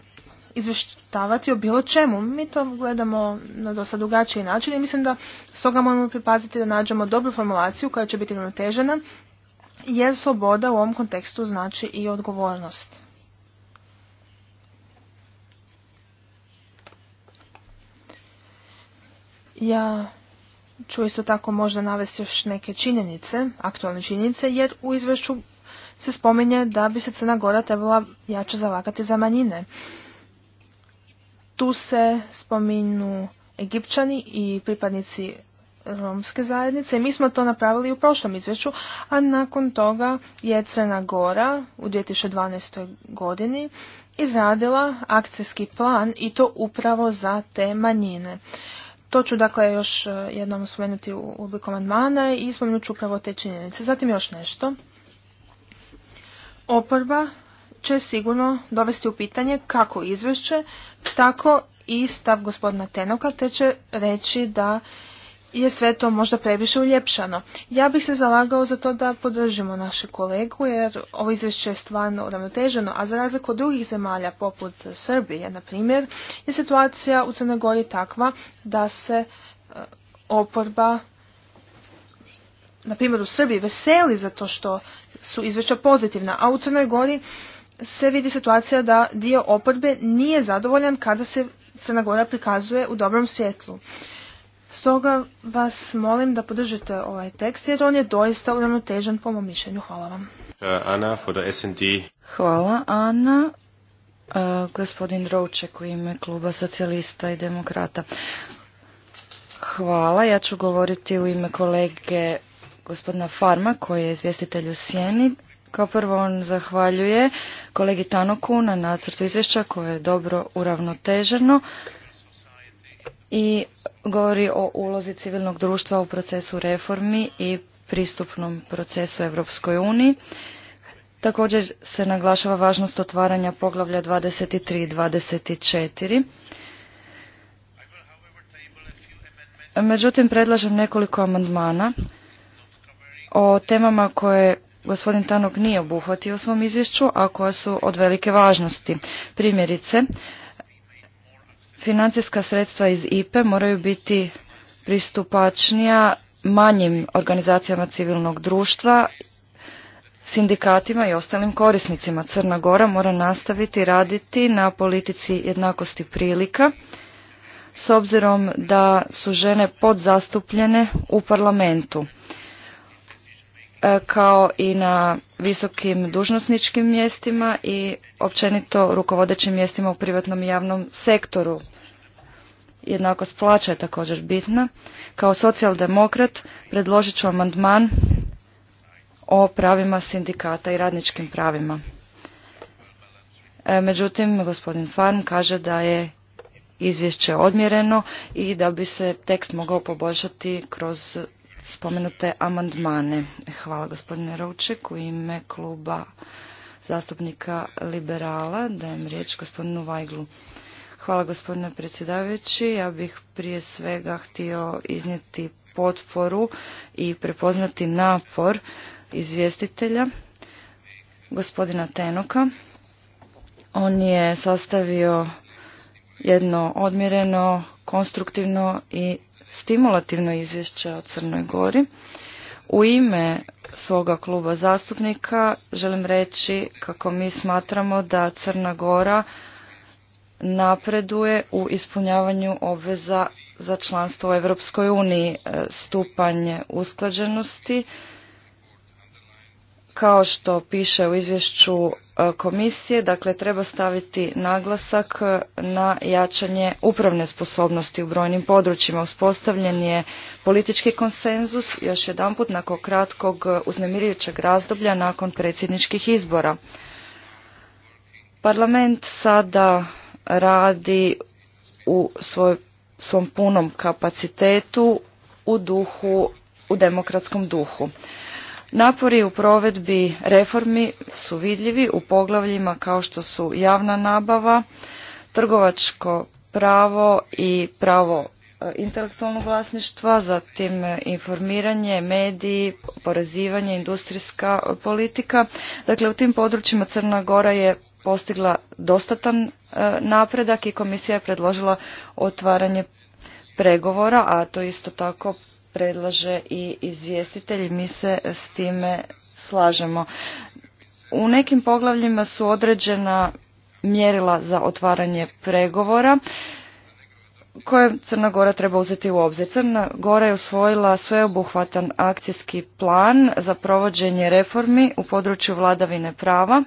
izvještavati o bilo čemu. Mi to gledamo na dosta drugačiji način i mislim da stoga moramo pripaziti da nađemo dobru formulaciju koja će biti ravnotežena jer sloboda u ovom kontekstu znači i odgovornost. Ja ću isto tako možda navesti još neke činjenice, aktualne činjenice, jer u izvješću se spominje da bi se Crna Gora trebala jače zalagati za manjine. Tu se spominju Egipćani i pripadnici romske zajednice. Mi smo to napravili u prošlom izvješću, a nakon toga je Crna Gora u 2012. godini izradila akcijski plan i to upravo za te manjine. To ću dakle još e, jednom spomenuti u obliku amandmana i spomenut ću upravo te činjenice. Zatim još nešto. Oporba će sigurno dovesti u pitanje kako izvješće, tako i stav gospodina Tenoka, te će reći da je sve to možda previše uljepšano. Ja bih se zalagao za to da podržimo naše kolegu jer ovo izvješće je stvarno uravnoteženo, a za razliku od drugih zemalja poput Srbije, na primjer, je situacija u Crnoj Gori takva da se eh, oporba na primjer u Srbiji veseli zato što su izvješća pozitivna, a u Crnoj Gori se vidi situacija da dio oporbe nije zadovoljan kada se Crna Gora prikazuje u dobrom svjetlu. Stoga vas molim da podržite ovaj tekst jer on je doista uravnotežen po mom mišljenju. Hvala vam. Uh, Ana, for the Hvala Ana. Uh, gospodin Rovček u ime kluba socijalista i demokrata. Hvala. Ja ću govoriti u ime kolege gospodina Farma koji je izvjestitelj u Sjeni. Kao prvo on zahvaljuje kolegi Tanoku na nacrtu izvješća koje je dobro uravnoteženo i govori o ulozi civilnog društva u procesu reformi i pristupnom procesu Europskoj uniji. Također se naglašava važnost otvaranja poglavlja 23 i 24. Međutim, predlažem nekoliko amandmana o temama koje gospodin Tanog nije obuhvatio u svom izvješću, a koja su od velike važnosti. Primjerice, financijska sredstva iz IPE moraju biti pristupačnija manjim organizacijama civilnog društva, sindikatima i ostalim korisnicima. Crna Gora mora nastaviti raditi na politici jednakosti prilika s obzirom da su žene podzastupljene u parlamentu. E, kao i na visokim dužnosničkim mjestima i općenito rukovodećim mjestima u privatnom i javnom sektoru. Jednakost plaća je također bitna. Kao socijaldemokrat predložit ću amandman o pravima sindikata i radničkim pravima. E, međutim, gospodin Farn kaže da je izvješće odmjereno i da bi se tekst mogao poboljšati kroz spomenute amandmane. Hvala gospodine Rouček u ime kluba zastupnika liberala. Dajem riječ gospodinu Vajglu. Hvala gospodine predsjedavajući. Ja bih prije svega htio iznijeti potporu i prepoznati napor izvjestitelja gospodina Tenoka. On je sastavio jedno odmjereno, konstruktivno i stimulativno izvješće o Crnoj Gori. U ime svoga kluba zastupnika želim reći kako mi smatramo da Crna Gora napreduje u ispunjavanju obveza za članstvo u Europskoj uniji. E, stupanje usklađenosti kao što piše u izvješću e, komisije, dakle treba staviti naglasak na jačanje upravne sposobnosti u brojnim područjima. Uspostavljen je politički konsenzus još jedanput nakon kratkog uznemirujućeg razdoblja nakon predsjedničkih izbora. Parlament sada radi u svoj, svom punom kapacitetu u duhu, u demokratskom duhu. Napori u provedbi reformi su vidljivi u poglavljima kao što su javna nabava, trgovačko pravo i pravo e, intelektualnog vlasništva, zatim informiranje, mediji, porezivanje, industrijska e, politika. Dakle, u tim područjima Crna Gora je postigla dostatan e, napredak i komisija je predložila otvaranje pregovora, a to isto tako predlaže i izvjestitelj mi se s time slažemo. U nekim poglavljima su određena mjerila za otvaranje pregovora koje Crna Gora treba uzeti u obzir. Crna Gora je usvojila sveobuhvatan akcijski plan za provođenje reformi u području vladavine prava,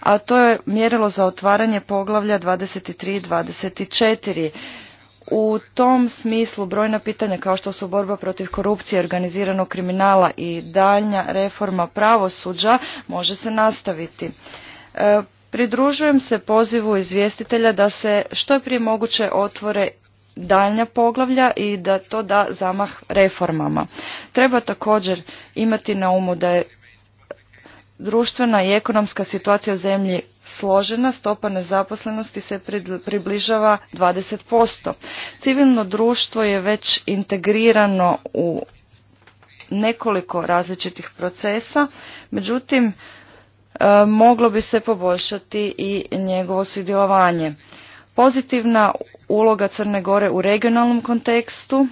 a to je mjerilo za otvaranje poglavlja 23 i 24 u tom smislu brojna pitanja kao što su borba protiv korupcije, organiziranog kriminala i daljnja reforma pravosuđa može se nastaviti. E, pridružujem se pozivu izvjestitelja da se što je prije moguće otvore daljnja poglavlja i da to da zamah reformama. Treba također imati na umu da je društvena i ekonomska situacija u zemlji složena, stopa nezaposlenosti se približava 20%. Civilno društvo je već integrirano u nekoliko različitih procesa, međutim e, moglo bi se poboljšati i njegovo sudjelovanje. Pozitivna uloga Crne Gore u regionalnom kontekstu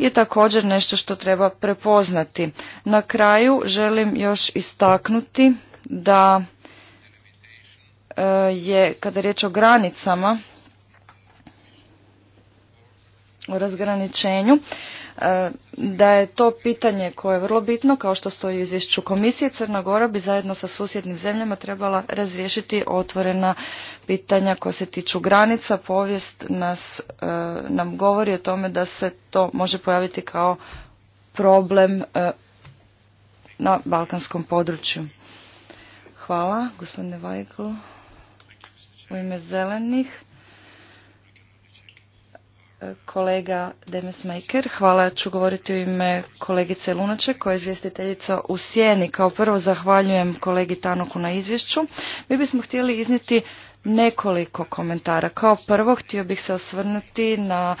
je također nešto što treba prepoznati. Na kraju želim još istaknuti da e, je kada je riječ o granicama, o razgraničenju, da je to pitanje koje je vrlo bitno, kao što stoji u izvješću komisije, Crna Gora bi zajedno sa susjednim zemljama trebala razriješiti otvorena pitanja koja se tiču granica. Povijest nas, e, nam govori o tome da se to može pojaviti kao problem e, na balkanskom području. Hvala, gospodine Weigl, u ime zelenih kolega Demesmaker. Hvala, ću govoriti u ime kolegice Lunače koja je izvjestiteljica u Sjeni. Kao prvo zahvaljujem kolegi Tanoku na izvješću. Mi bismo htjeli iznijeti nekoliko komentara. Kao prvo htio bih se osvrnuti na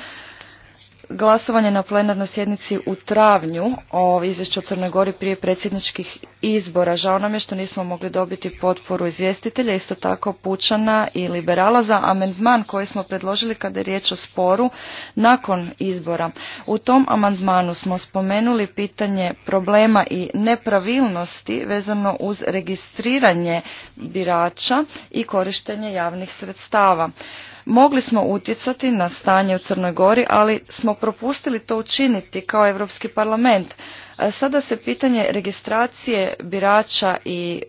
glasovanje na plenarnoj sjednici u travnju o izvješću o Crnoj Gori prije predsjedničkih izbora. Žao nam je što nismo mogli dobiti potporu izvjestitelja, isto tako pučana i liberala za amandman koji smo predložili kada je riječ o sporu nakon izbora. U tom amandmanu smo spomenuli pitanje problema i nepravilnosti vezano uz registriranje birača i korištenje javnih sredstava. Mogli smo utjecati na stanje u Crnoj Gori, ali smo propustili to učiniti kao Europski parlament. E, sada se pitanje registracije birača i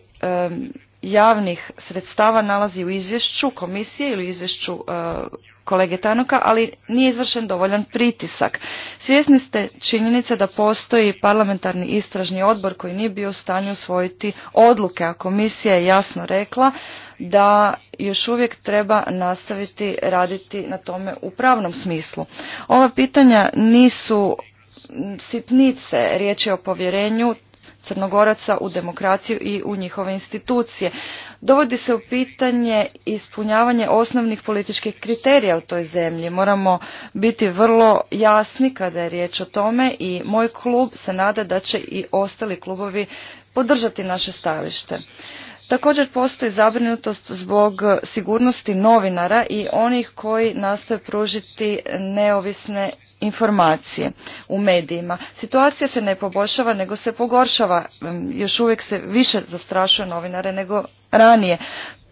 javnih sredstava nalazi u izvješću komisije ili izvješću e, kolege Tanuka, ali nije izvršen dovoljan pritisak. Svjesni ste činjenice da postoji parlamentarni istražni odbor koji nije bio u stanju usvojiti odluke, a komisija je jasno rekla da još uvijek treba nastaviti raditi na tome u pravnom smislu. Ova pitanja nisu sitnice, riječi o povjerenju, Crnogoraca u demokraciju i u njihove institucije. Dovodi se u pitanje ispunjavanje osnovnih političkih kriterija u toj zemlji. Moramo biti vrlo jasni kada je riječ o tome i moj klub se nada da će i ostali klubovi podržati naše stajalište. Također postoji zabrinutost zbog sigurnosti novinara i onih koji nastoje pružiti neovisne informacije u medijima. Situacija se ne poboljšava nego se pogoršava. Mm, još uvijek se više zastrašuje novinare nego ranije.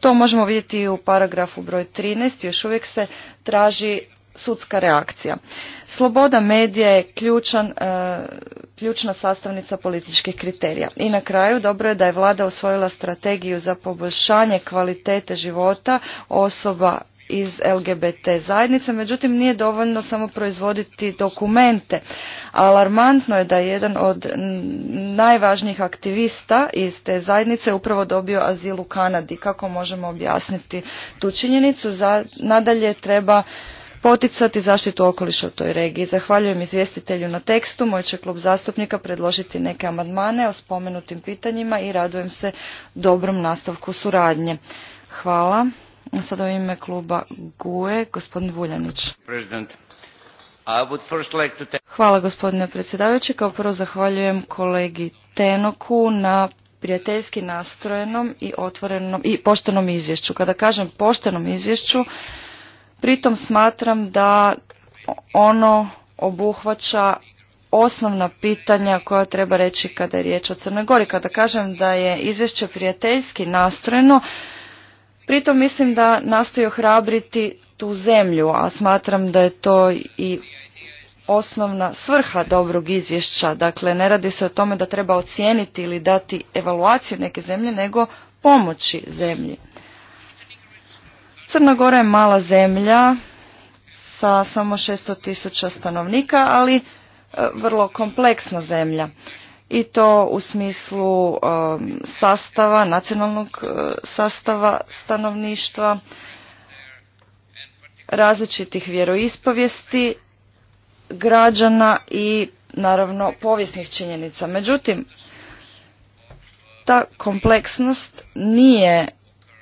To možemo vidjeti i u paragrafu broj 13. Još uvijek se traži sudska reakcija. Sloboda medija je ključan, e, ključna sastavnica političkih kriterija. I na kraju dobro je da je vlada usvojila strategiju za poboljšanje kvalitete života osoba iz LGBT zajednice, međutim nije dovoljno samo proizvoditi dokumente. Alarmantno je da je jedan od najvažnijih aktivista iz te zajednice upravo dobio azil u Kanadi. Kako možemo objasniti tu činjenicu? Za, nadalje treba poticati zaštitu okoliša u toj regiji. Zahvaljujem izvjestitelju na tekstu. Moj će klub zastupnika predložiti neke amandmane o spomenutim pitanjima i radujem se dobrom nastavku suradnje. Hvala. Sada u ime kluba GUE, gospodin Vuljanić. Hvala gospodine predsjedavajući. Kao prvo zahvaljujem kolegi Tenoku na prijateljski nastrojenom i otvorenom i poštenom izvješću. Kada kažem poštenom izvješću, Pritom smatram da ono obuhvaća osnovna pitanja koja treba reći kada je riječ o Crnoj Gori. Kada kažem da je izvješće prijateljski nastrojeno, pritom mislim da nastoji ohrabriti tu zemlju, a smatram da je to i osnovna svrha dobrog izvješća. Dakle, ne radi se o tome da treba ocijeniti ili dati evaluaciju neke zemlje, nego pomoći zemlji. Crna Gora je mala zemlja sa samo 600 tisuća stanovnika, ali e, vrlo kompleksna zemlja. I to u smislu e, sastava, nacionalnog e, sastava stanovništva, različitih vjeroispovijesti građana i naravno povijesnih činjenica. Međutim, ta kompleksnost nije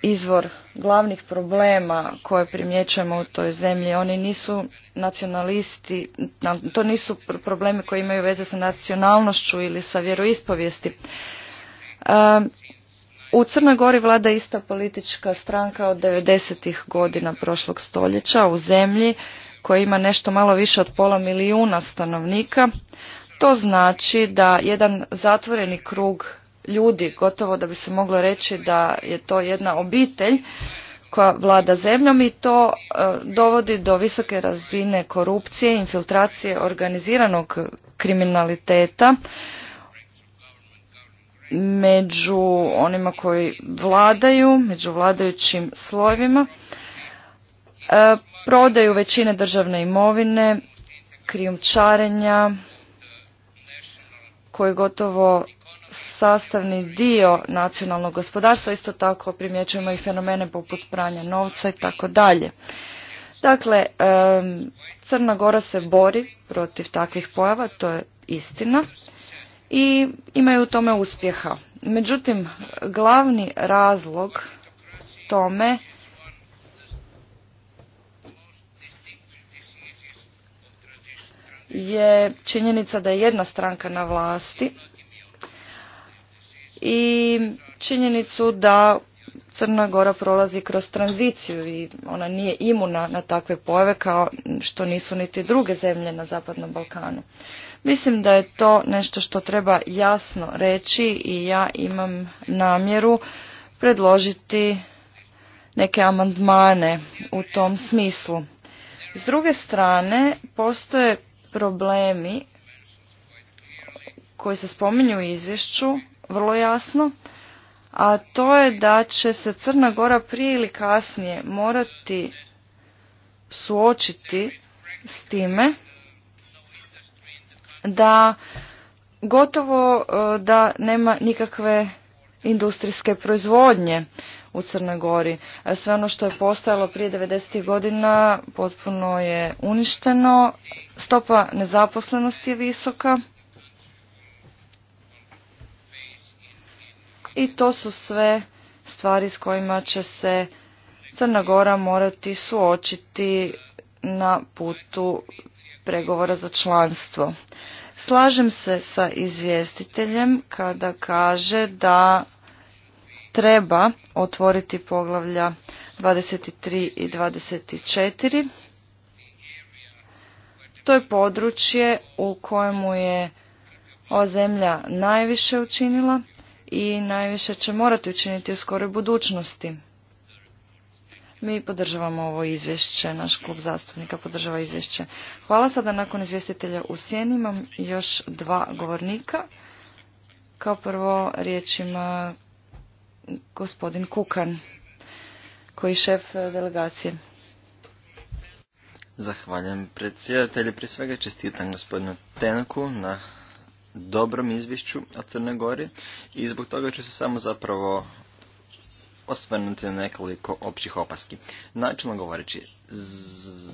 izvor glavnih problema koje primjećujemo u toj zemlji. Oni nisu nacionalisti, to nisu problemi koji imaju veze sa nacionalnošću ili sa vjeroispovijesti. E, u Crnoj Gori vlada ista politička stranka od 90. godina prošlog stoljeća u zemlji koja ima nešto malo više od pola milijuna stanovnika. To znači da jedan zatvoreni krug ljudi, gotovo da bi se moglo reći da je to jedna obitelj koja vlada zemljom i to e, dovodi do visoke razine korupcije, infiltracije organiziranog kriminaliteta među onima koji vladaju, među vladajućim slojevima, e, prodaju većine državne imovine, krijumčarenja, koji gotovo sastavni dio nacionalnog gospodarstva, isto tako primjećujemo i fenomene poput pranja novca i tako dalje. Dakle, Crna Gora se bori protiv takvih pojava, to je istina i imaju u tome uspjeha. Međutim, glavni razlog tome je činjenica da je jedna stranka na vlasti i činjenicu da Crna Gora prolazi kroz tranziciju i ona nije imuna na takve pojave kao što nisu niti druge zemlje na Zapadnom Balkanu. Mislim da je to nešto što treba jasno reći i ja imam namjeru predložiti neke amandmane u tom smislu. S druge strane, postoje problemi koji se spominju u izvješću vrlo jasno, a to je da će se Crna Gora prije ili kasnije morati suočiti s time da gotovo e, da nema nikakve industrijske proizvodnje u Crnoj Gori. E, sve ono što je postojalo prije 90. godina potpuno je uništeno, stopa nezaposlenosti je visoka, i to su sve stvari s kojima će se Crna Gora morati suočiti na putu pregovora za članstvo. Slažem se sa izvjestiteljem kada kaže da treba otvoriti poglavlja 23 i 24. To je područje u kojemu je ova zemlja najviše učinila i najviše će morati učiniti u skoroj budućnosti. Mi podržavamo ovo izvješće, naš klub zastupnika podržava izvješće. Hvala sada nakon izvjestitelja u sjeni imam još dva govornika. Kao prvo riječ ima gospodin Kukan, koji je šef delegacije. Zahvaljujem predsjedatelju. Prije svega čestitam gospodinu Tenaku na dobrom izvješću o Crnoj Gori i zbog toga ću se samo zapravo osvrnuti na nekoliko općih opaski. Načelno govoreći,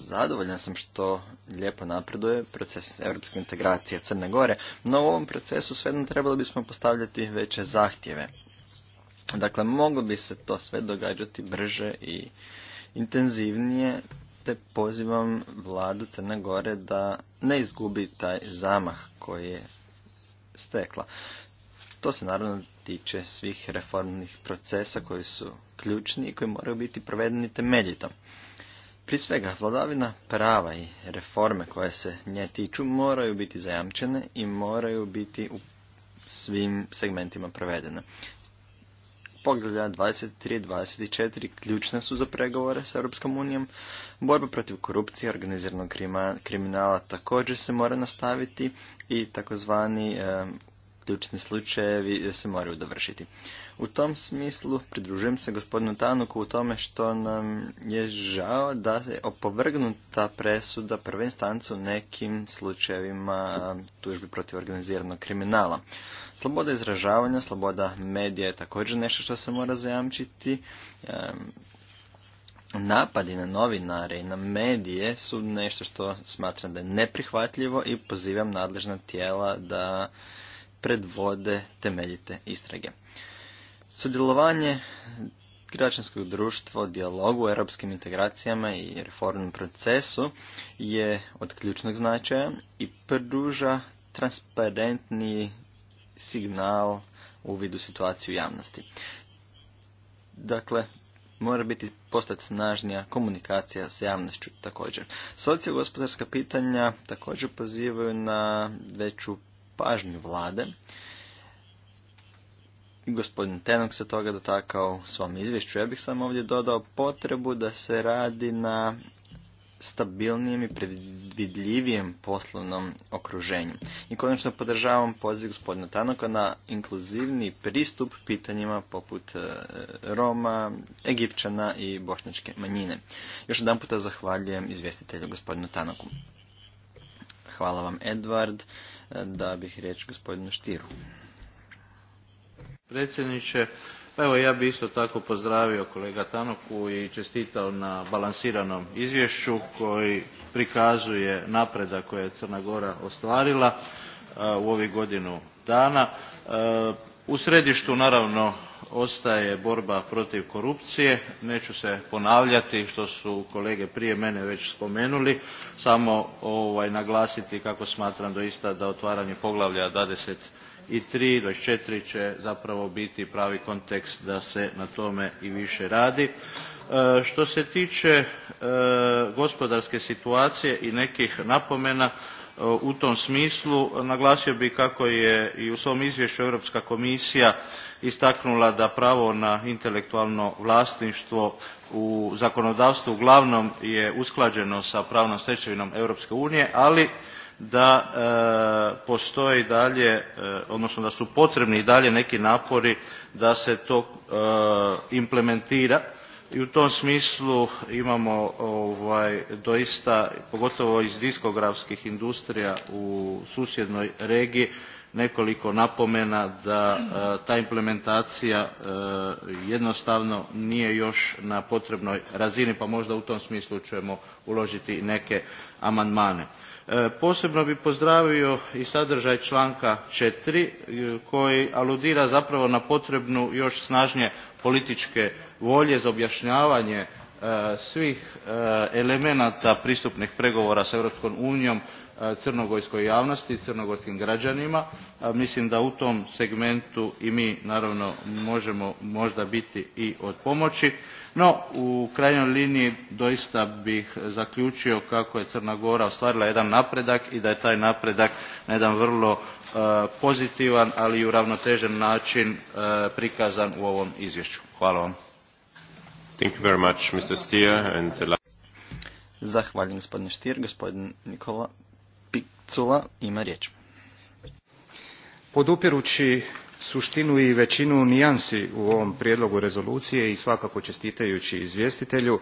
zadovoljan sam što lijepo napreduje proces europske integracije Crne Gore, no u ovom procesu svejedno trebalo bismo postavljati veće zahtjeve. Dakle, moglo bi se to sve događati brže i intenzivnije, te pozivam vladu Crne Gore da ne izgubi taj zamah koji je stekla. To se naravno tiče svih reformnih procesa koji su ključni i koji moraju biti provedeni temeljito. Prije svega, vladavina prava i reforme koje se nje tiču moraju biti zajamčene i moraju biti u svim segmentima provedene. Poglavlja 23 i 24 ključne su za pregovore s Europskom unijom. Borba protiv korupcije organiziranog kriminala također se mora nastaviti i takozvani ključni slučajevi se moraju dovršiti. U tom smislu pridružujem se gospodinu Tanuku u tome što nam je žao da je opovrgnuta presuda prve instance u nekim slučajevima tužbi protiv organiziranog kriminala. Sloboda izražavanja, sloboda medija je također nešto što se mora zajamčiti. Napadi na novinare i na medije su nešto što smatram da je neprihvatljivo i pozivam nadležna tijela da predvode temeljite istrage. Sudjelovanje građanskog društva o dijalogu europskim integracijama i reformnom procesu je od ključnog značaja i pruža transparentni signal u vidu situaciju javnosti. Dakle, mora biti postati snažnija komunikacija s javnošću također. Sociogospodarska pitanja također pozivaju na veću pažnju vlade Gospodin Tenok se toga dotakao u svom izvješću. Ja bih samo ovdje dodao potrebu da se radi na stabilnijem i predvidljivijem poslovnom okruženju. I konačno podržavam poziv gospodina Tanoka na inkluzivni pristup pitanjima poput e, Roma, Egipćana i bošnjačke manjine. Još jedan puta zahvaljujem izvjestitelju gospodinu Tanoku. Hvala vam, Edvard. E, da bih riječ gospodinu Štiru. Predsjedniče, pa evo ja bih isto tako pozdravio kolega Tanoku i čestitao na balansiranom izvješću koji prikazuje napredak koje je Crna Gora ostvarila e, u ovih godinu dana. E, u središtu naravno ostaje borba protiv korupcije, neću se ponavljati što su kolege prije mene već spomenuli, samo ovaj, naglasiti kako smatram doista da otvaranje poglavlja twenty i 3, četiri će zapravo biti pravi kontekst da se na tome i više radi. E, što se tiče e, gospodarske situacije i nekih napomena e, u tom smislu naglasio bih kako je i u svom izvješću Europska komisija istaknula da pravo na intelektualno vlasništvo u zakonodavstvu uglavnom je usklađeno sa pravnom stečevinom Europske unije, ali da e, postoji i dalje, e, odnosno da su potrebni i dalje neki napori da se to e, implementira i u tom smislu imamo ovaj, doista, pogotovo iz diskografskih industrija u susjednoj regiji nekoliko napomena da ta implementacija jednostavno nije još na potrebnoj razini pa možda u tom smislu ćemo uložiti i neke amandmane. E, posebno bih pozdravio i sadržaj članka četiri e, koji aludira zapravo na potrebu još snažnije političke volje za objašnjavanje e, svih elemenata pristupnih pregovora s europskom unijom crnogorskoj javnosti i crnogorskim građanima. mislim da u tom segmentu i mi naravno možemo možda biti i od pomoći. No, u krajnjoj liniji doista bih zaključio kako je Crna Gora ostvarila jedan napredak i da je taj napredak na jedan vrlo e, pozitivan, ali i uravnotežen način e, prikazan u ovom izvješću. Hvala vam. Stier, Zahvaljujem gospodine Stier. Gospodin Nikola Picula ima riječ. Podupirući suštinu i većinu nijansi u ovom prijedlogu rezolucije i svakako čestitajući izvjestitelju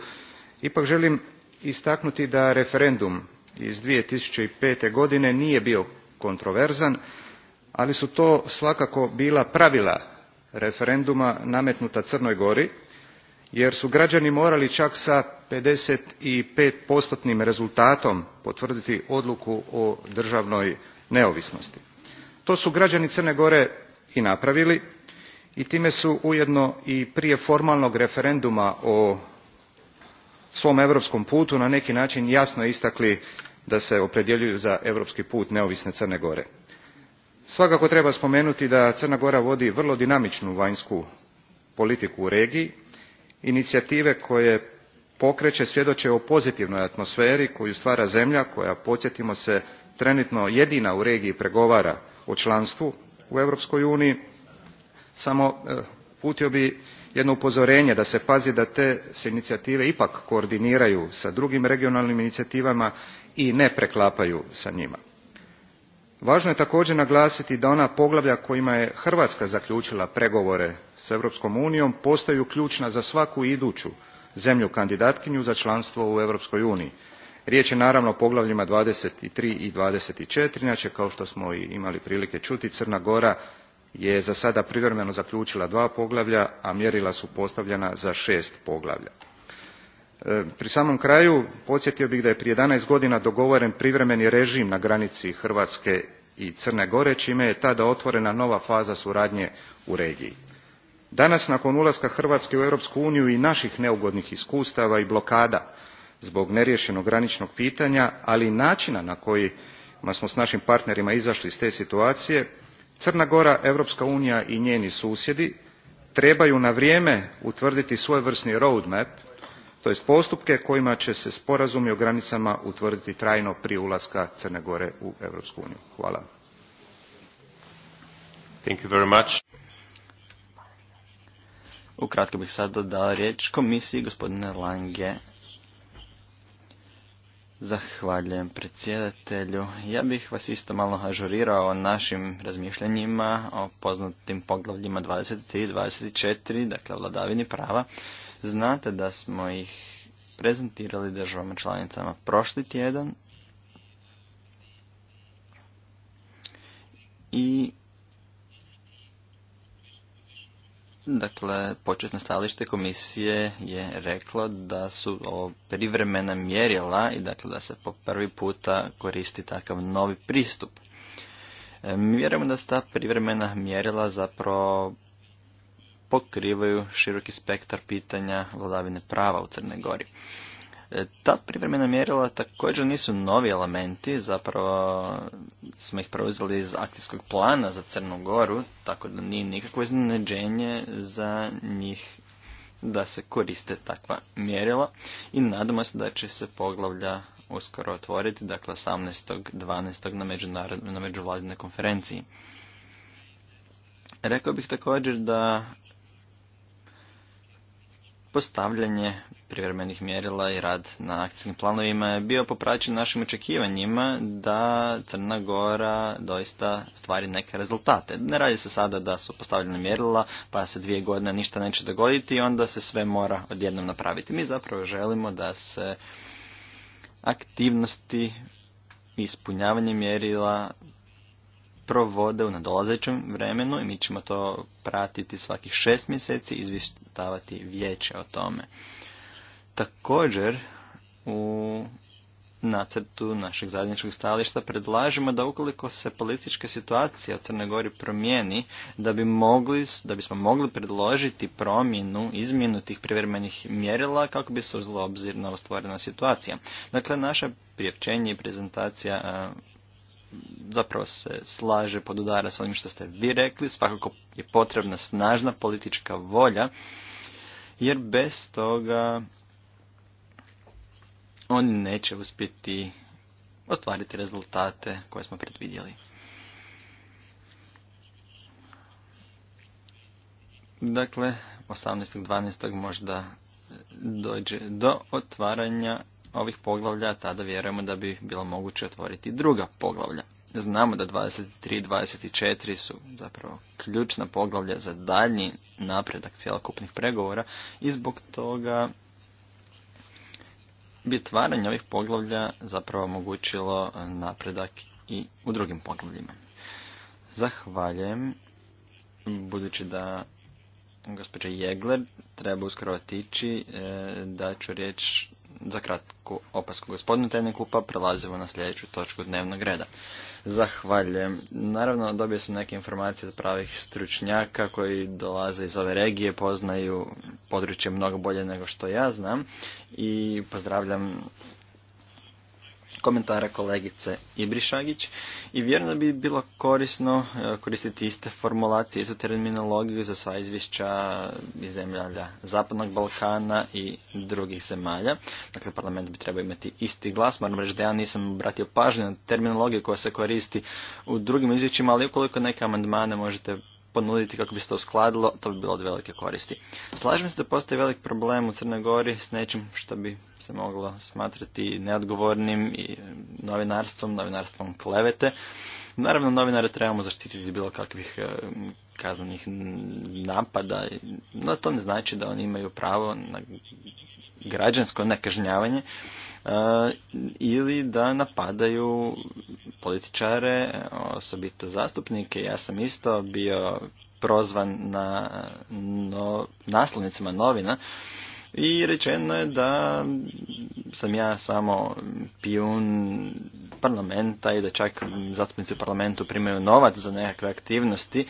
ipak želim istaknuti da referendum iz. two thousand pet godine nije bio kontroverzan ali su to svakako bila pravila referenduma nametnuta crnoj gori jer su građani morali čak sa fifty five rezultatom potvrditi odluku o državnoj neovisnosti. to su građani crne gore i napravili i time su ujedno i prije formalnog referenduma o svom europskom putu na neki način jasno istakli da se opredjeljuju za europski put neovisne crne gore. svakako treba spomenuti da crna gora vodi vrlo dinamičnu vanjsku politiku u regiji inicijative koje pokreće svjedoče o pozitivnoj atmosferi koju stvara zemlja koja podsjetimo se trenutno jedina u regiji pregovara o članstvu u europskoj uniji samo e, uputio bi jedno upozorenje da se pazi da te se inicijative ipak koordiniraju sa drugim regionalnim inicijativama i ne preklapaju sa njima. Važno je također naglasiti da ona poglavlja kojima je Hrvatska zaključila pregovore s Europskom unijom postaju ključna za svaku iduću zemlju kandidatkinju za članstvo u Europskoj uniji riječ je naravno o poglavljima twenty three i twenty four inače kao što smo i imali prilike čuti crna gora je za sada privremeno zaključila dva poglavlja a mjerila su postavljena za šest poglavlja. E, pri samom kraju podsjetio bih da je prije eleven godina dogovoren privremeni režim na granici hrvatske i crne gore čime je tada otvorena nova faza suradnje u regiji. danas nakon ulaska hrvatske u europsku uniju i naših neugodnih iskustava i blokada zbog neriješenog graničnog pitanja ali i načina na koji smo s našim partnerima izašli iz te situacije crna gora europska unija i njeni susjedi trebaju na vrijeme utvrditi svojevrsni roadmap to jest postupke kojima će se sporazumi o granicama utvrditi trajno prije ulaska crne gore u europsku uniju. hvala. komisiji gospodine Lange Zahvaljujem predsjedatelju. Ja bih vas isto malo ažurirao o našim razmišljanjima o poznatim poglavljima 23 i 24, dakle vladavini prava. Znate da smo ih prezentirali državama članicama prošli tjedan i Dakle, početno stajalište komisije je reklo da su ovo privremena mjerila i dakle da se po prvi puta koristi takav novi pristup. E, mi vjerujemo da se ta privremena mjerila zapravo pokrivaju široki spektar pitanja vladavine prava u Crnoj Gori. Ta privremena mjerila također nisu novi elementi, zapravo smo ih preuzeli iz akcijskog plana za Crnu Goru, tako da nije nikakvo iznenađenje za njih da se koriste takva mjerila i nadamo se da će se poglavlja uskoro otvoriti, dakle 18.12. na, na međuvladinoj konferenciji. Rekao bih također da Postavljanje privremenih mjerila i rad na akcijnim planovima je bio popraćen našim očekivanjima da Crna Gora doista stvari neke rezultate. Ne radi se sada da su postavljene mjerila pa se dvije godine ništa neće dogoditi i onda se sve mora odjednom napraviti. Mi zapravo želimo da se aktivnosti i ispunjavanje mjerila provode u nadolazećem vremenu i mi ćemo to pratiti svakih šest mjeseci i izvještavati vijeće o tome. Također, u nacrtu našeg zajedničkog stajališta predlažemo da ukoliko se politička situacija u Crnoj Gori promijeni, da, bi mogli, da bismo mogli predložiti promjenu, izmjenu tih privremenih mjerila kako bi se uzelo obzir na ostvorena situacija. Dakle, naše priopćenje i prezentacija zapravo se slaže pod udara s onim što ste vi rekli. Svakako je potrebna snažna politička volja jer bez toga oni neće uspjeti ostvariti rezultate koje smo predvidjeli. Dakle, 18.12. možda dođe do otvaranja ovih poglavlja, tada vjerujemo da bi bilo moguće otvoriti druga poglavlja. Znamo da 23 i 24 su zapravo ključna poglavlja za daljnji napredak cjelokupnih pregovora i zbog toga bi otvaranje ovih poglavlja zapravo omogućilo napredak i u drugim poglavljima. Zahvaljujem, budući da gospođa Jegler treba uskoro otići, e, da ću riječ za kratku opasku gospodinu tajniku, pa prelazimo na sljedeću točku dnevnog reda. Zahvaljujem. Naravno, dobio sam neke informacije od pravih stručnjaka koji dolaze iz ove regije, poznaju područje mnogo bolje nego što ja znam i pozdravljam komentara kolegice Ibrišagić i vjerujem da bi bilo korisno e, koristiti iste formulacije, za terminologiju za sva izvješća iz zemlja Zapadnog Balkana i drugih zemalja. Dakle, parlament bi trebao imati isti glas. Moram reći da ja nisam obratio pažnju na terminologiju koja se koristi u drugim izvješćima, ali ukoliko neke amandmane možete ponuditi kako bi se to uskladilo, to bi bilo od velike koristi. Slažem se da postoji velik problem u Crnoj Gori s nečim što bi se moglo smatrati neodgovornim i e, novinarstvom, novinarstvom klevete. Naravno, novinare trebamo zaštititi bilo kakvih e, kaznenih napada, no to ne znači da oni imaju pravo na građansko nekažnjavanje e, ili da napadaju političare, osobito zastupnike. Ja sam isto bio prozvan na no, novina i rečeno je da sam ja samo pijun parlamenta i da čak zastupnici u parlamentu primaju novac za nekakve aktivnosti.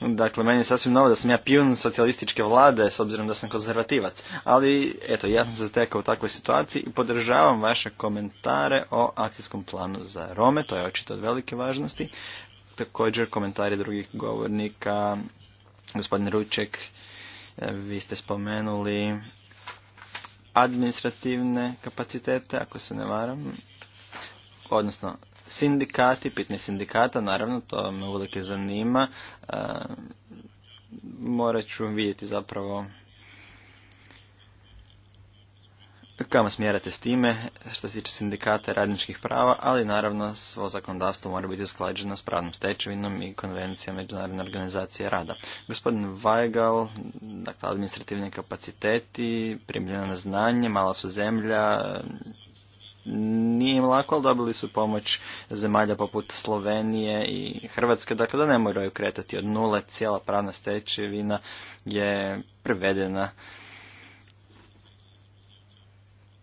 Dakle, meni je sasvim novo da sam ja pijun socijalističke vlade s obzirom da sam konzervativac. Ali, eto, ja sam se zatekao u takvoj situaciji i podržavam vaše komentare o akcijskom planu za Rome. To je očito od velike važnosti. Također, komentari drugih govornika. Gospodin Ruček, vi ste spomenuli administrativne kapacitete, ako se ne varam, odnosno sindikati, pitanje sindikata, naravno, to me uvijek zanima. E, morat ću vidjeti zapravo kamo smjerate s time što se tiče sindikata radničkih prava, ali naravno svo zakonodavstvo mora biti usklađeno s pravnom stečevinom i konvencijom Međunarodne organizacije rada. Gospodin Vajgal, dakle administrativni kapaciteti, primljena na znanje, mala su zemlja, nije im lako, ali dobili su pomoć zemalja poput Slovenije i Hrvatske, dakle da ne moraju kretati od nule, cijela pravna stečevina je prevedena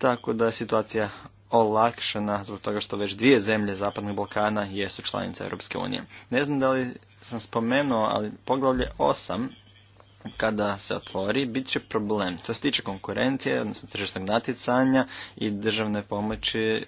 tako da je situacija olakšana zbog toga što već dvije zemlje Zapadnog Balkana jesu članice Europske unije. Ne znam da li sam spomenuo, ali poglavlje 8 kada se otvori, bit će problem. To se tiče konkurencije, odnosno tržišnog natjecanja i državne pomoći e,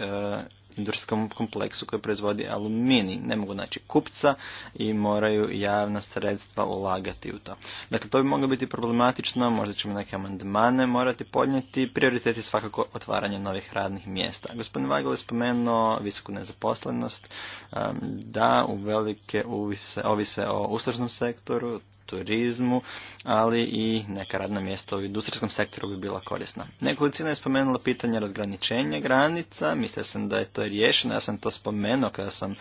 industrijskom kompleksu koji proizvodi aluminij. Ne mogu naći kupca i moraju javna sredstva ulagati u to. Dakle, to bi moglo biti problematično, možda ćemo neke amandmane morati podnijeti. Prioritet je svakako otvaranje novih radnih mjesta. Gospodin Vagel je spomenuo visoku nezaposlenost, um, da u uvelike ovise o uslužnom sektoru, turizmu, ali i neka radna mjesta u industrijskom sektoru bi bila korisna. Nekolicina je spomenula pitanje razgraničenja granica, mislio sam da je to riješeno, ja sam to spomenuo kada sam e,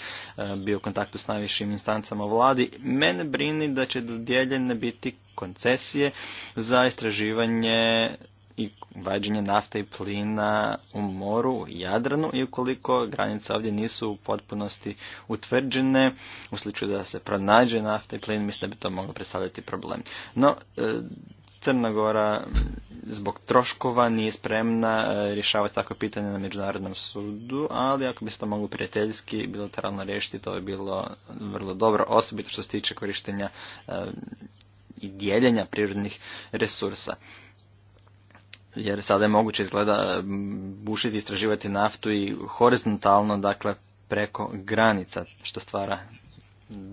bio u kontaktu s najvišim instancama vladi. Mene brini da će dodijeljene biti koncesije za istraživanje i vađenje nafte i plina u moru, u Jadranu i ukoliko granice ovdje nisu u potpunosti utvrđene, u slučaju da se pronađe nafta i plin, mislim da bi to moglo predstavljati problem. No, e, Crna Gora mm, zbog troškova nije spremna e, rješavati takve pitanje na Međunarodnom sudu, ali ako bi se to moglo prijateljski bilateralno riješiti, to bi bilo vrlo dobro, osobito što se tiče korištenja e, i dijeljenja prirodnih resursa jer sada je moguće izgleda bušiti, istraživati naftu i horizontalno, dakle, preko granica, što stvara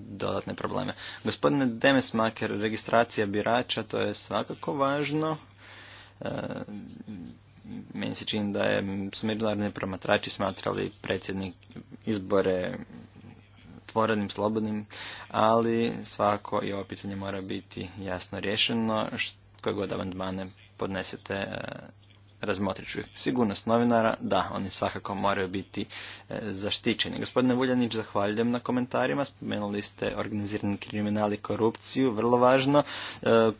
dodatne probleme. Gospodine Demesmaker, registracija birača, to je svakako važno. E, meni se čini da je smirularni promatrači smatrali predsjednik izbore otvorenim, slobodnim, ali svako i ovo pitanje mora biti jasno rješeno, koje god amandmane podnesete, e, razmotrit ću sigurnost novinara, da, oni svakako moraju biti e, zaštićeni. Gospodine Vuljanić, zahvaljujem na komentarima, spomenuli ste organizirani kriminal i korupciju, vrlo važno. E,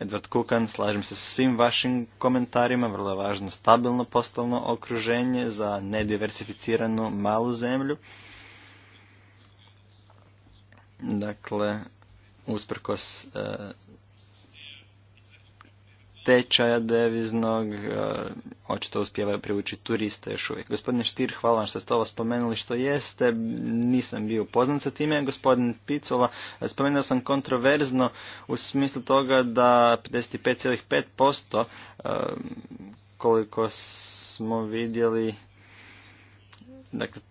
Edward Kukan, slažem se sa svim vašim komentarima, vrlo je važno stabilno poslovno okruženje za nediversificiranu malu zemlju. Dakle, usprkos tečaja deviznog, e, očito uspjevaju privući turiste još uvijek. Gospodine Štir, hvala vam što ste ovo spomenuli što jeste, nisam bio poznan sa time. Gospodin Picola, e, spomenuo sam kontroverzno u smislu toga da 55,5% e, koliko smo vidjeli, dakle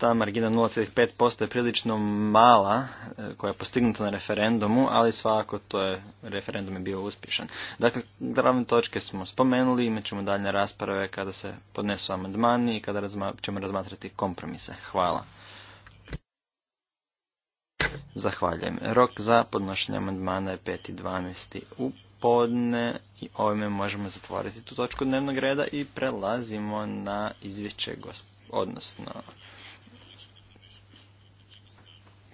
ta margina 0,5% je prilično mala e, koja je postignuta na referendumu, ali svakako to je, referendum je bio uspješan. Dakle, glavne točke smo spomenuli, imat ćemo daljne rasprave kada se podnesu amandmani i kada ćemo razmatrati kompromise. Hvala. Zahvaljujem. Rok za podnošenje amandmana je 5.12. u podne i ovime možemo zatvoriti tu točku dnevnog reda i prelazimo na izvješće odnosno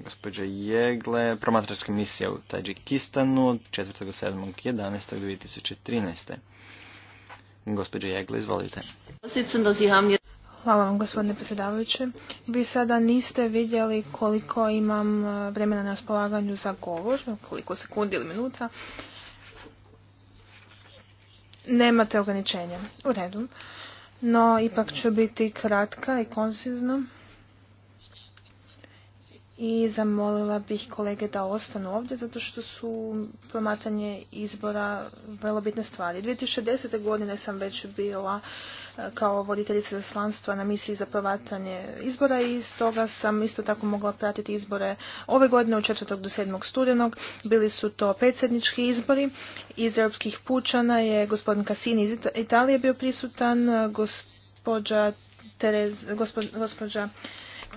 gospođe Jegle, promatračka misija u Tadžikistanu od 4.7.11.2013. Gospođe Jegle, izvolite. Hvala vam gospodine predsjedavajući. Vi sada niste vidjeli koliko imam e, vremena na raspolaganju za govor, koliko sekundi ili minuta. Nemate ograničenja. U redu. No, ipak ću biti kratka i koncizna i zamolila bih kolege da ostanu ovdje zato što su promatanje izbora vrlo bitne stvari. 2010. godine sam već bila e, kao voditeljica zaslanstva na misiji za promatanje izbora i stoga sam isto tako mogla pratiti izbore ove godine od 4. do 7. studenog. Bili su to predsjednički izbori. Iz europskih pučana je gospodin Cassini iz Italije bio prisutan, e, gospođa Terez, gospo, gospođa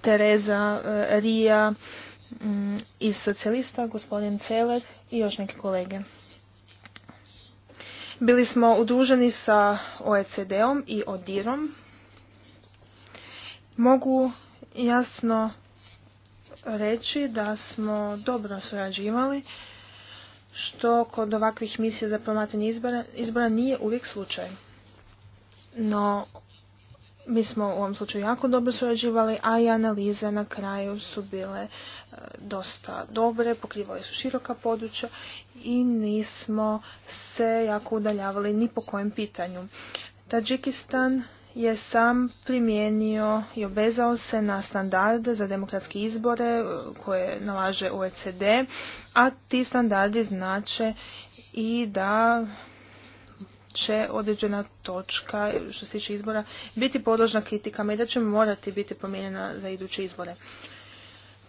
Tereza e, Rija mm, iz socijalista, gospodin Celer i još neke kolege. Bili smo udruženi sa OECD-om i ODIR-om. Mogu jasno reći da smo dobro surađivali, što kod ovakvih misija za promatranje izbora nije uvijek slučaj. No, mi smo u ovom slučaju jako dobro surađivali, a i analize na kraju su bile e, dosta dobre, pokrivali su široka područja i nismo se jako udaljavali ni po kojem pitanju. Tadžikistan je sam primijenio i obezao se na standarde za demokratske izbore e, koje nalaže OECD, a ti standardi znače i da će određena točka što se tiče izbora biti podložna kritikama i da će morati biti promijenjena za iduće izbore.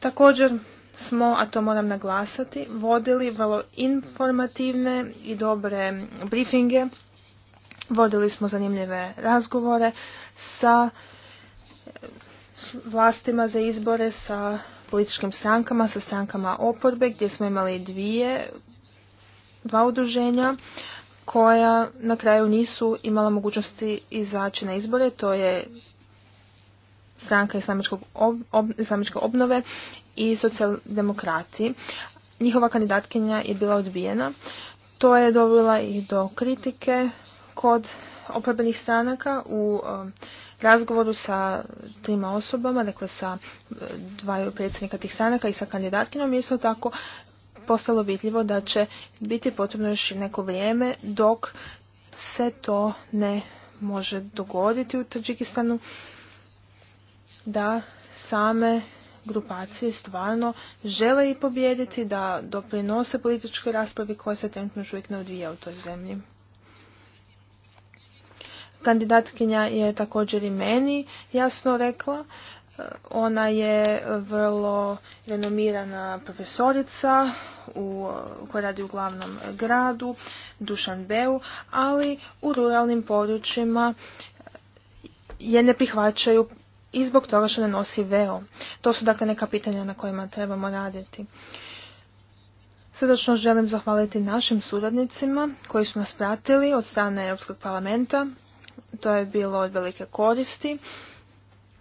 Također smo, a to moram naglasati, vodili vrlo informativne i dobre briefinge, vodili smo zanimljive razgovore sa eh, vlastima za izbore, sa političkim strankama, sa strankama oporbe, gdje smo imali dvije, dva udruženja koja na kraju nisu imala mogućnosti izaći na izbore, to je stranka ob, islamičke obnove i socijaldemokrati. Njihova kandidatkinja je bila odbijena. To je dovela i do kritike kod oprebenih stranaka u um, razgovoru sa trima osobama, dakle sa e, dvaju predsjednika tih stranaka i sa kandidatkinom, isto tako postalo vidljivo da će biti potrebno još i neko vrijeme dok se to ne može dogoditi u Tadžikistanu da same grupacije stvarno žele i pobijediti da doprinose političkoj raspravi koja se trenutno uvijek ne odvija u toj zemlji. Kandidatkinja je također i meni jasno rekla ona je vrlo renomirana profesorica u, koja radi u glavnom gradu, Dušanbeu, ali u ruralnim područjima je ne prihvaćaju i zbog toga što ne nosi veo. To su dakle neka pitanja na kojima trebamo raditi. Srdačno želim zahvaliti našim suradnicima koji su nas pratili od strane Europskog parlamenta. To je bilo od velike koristi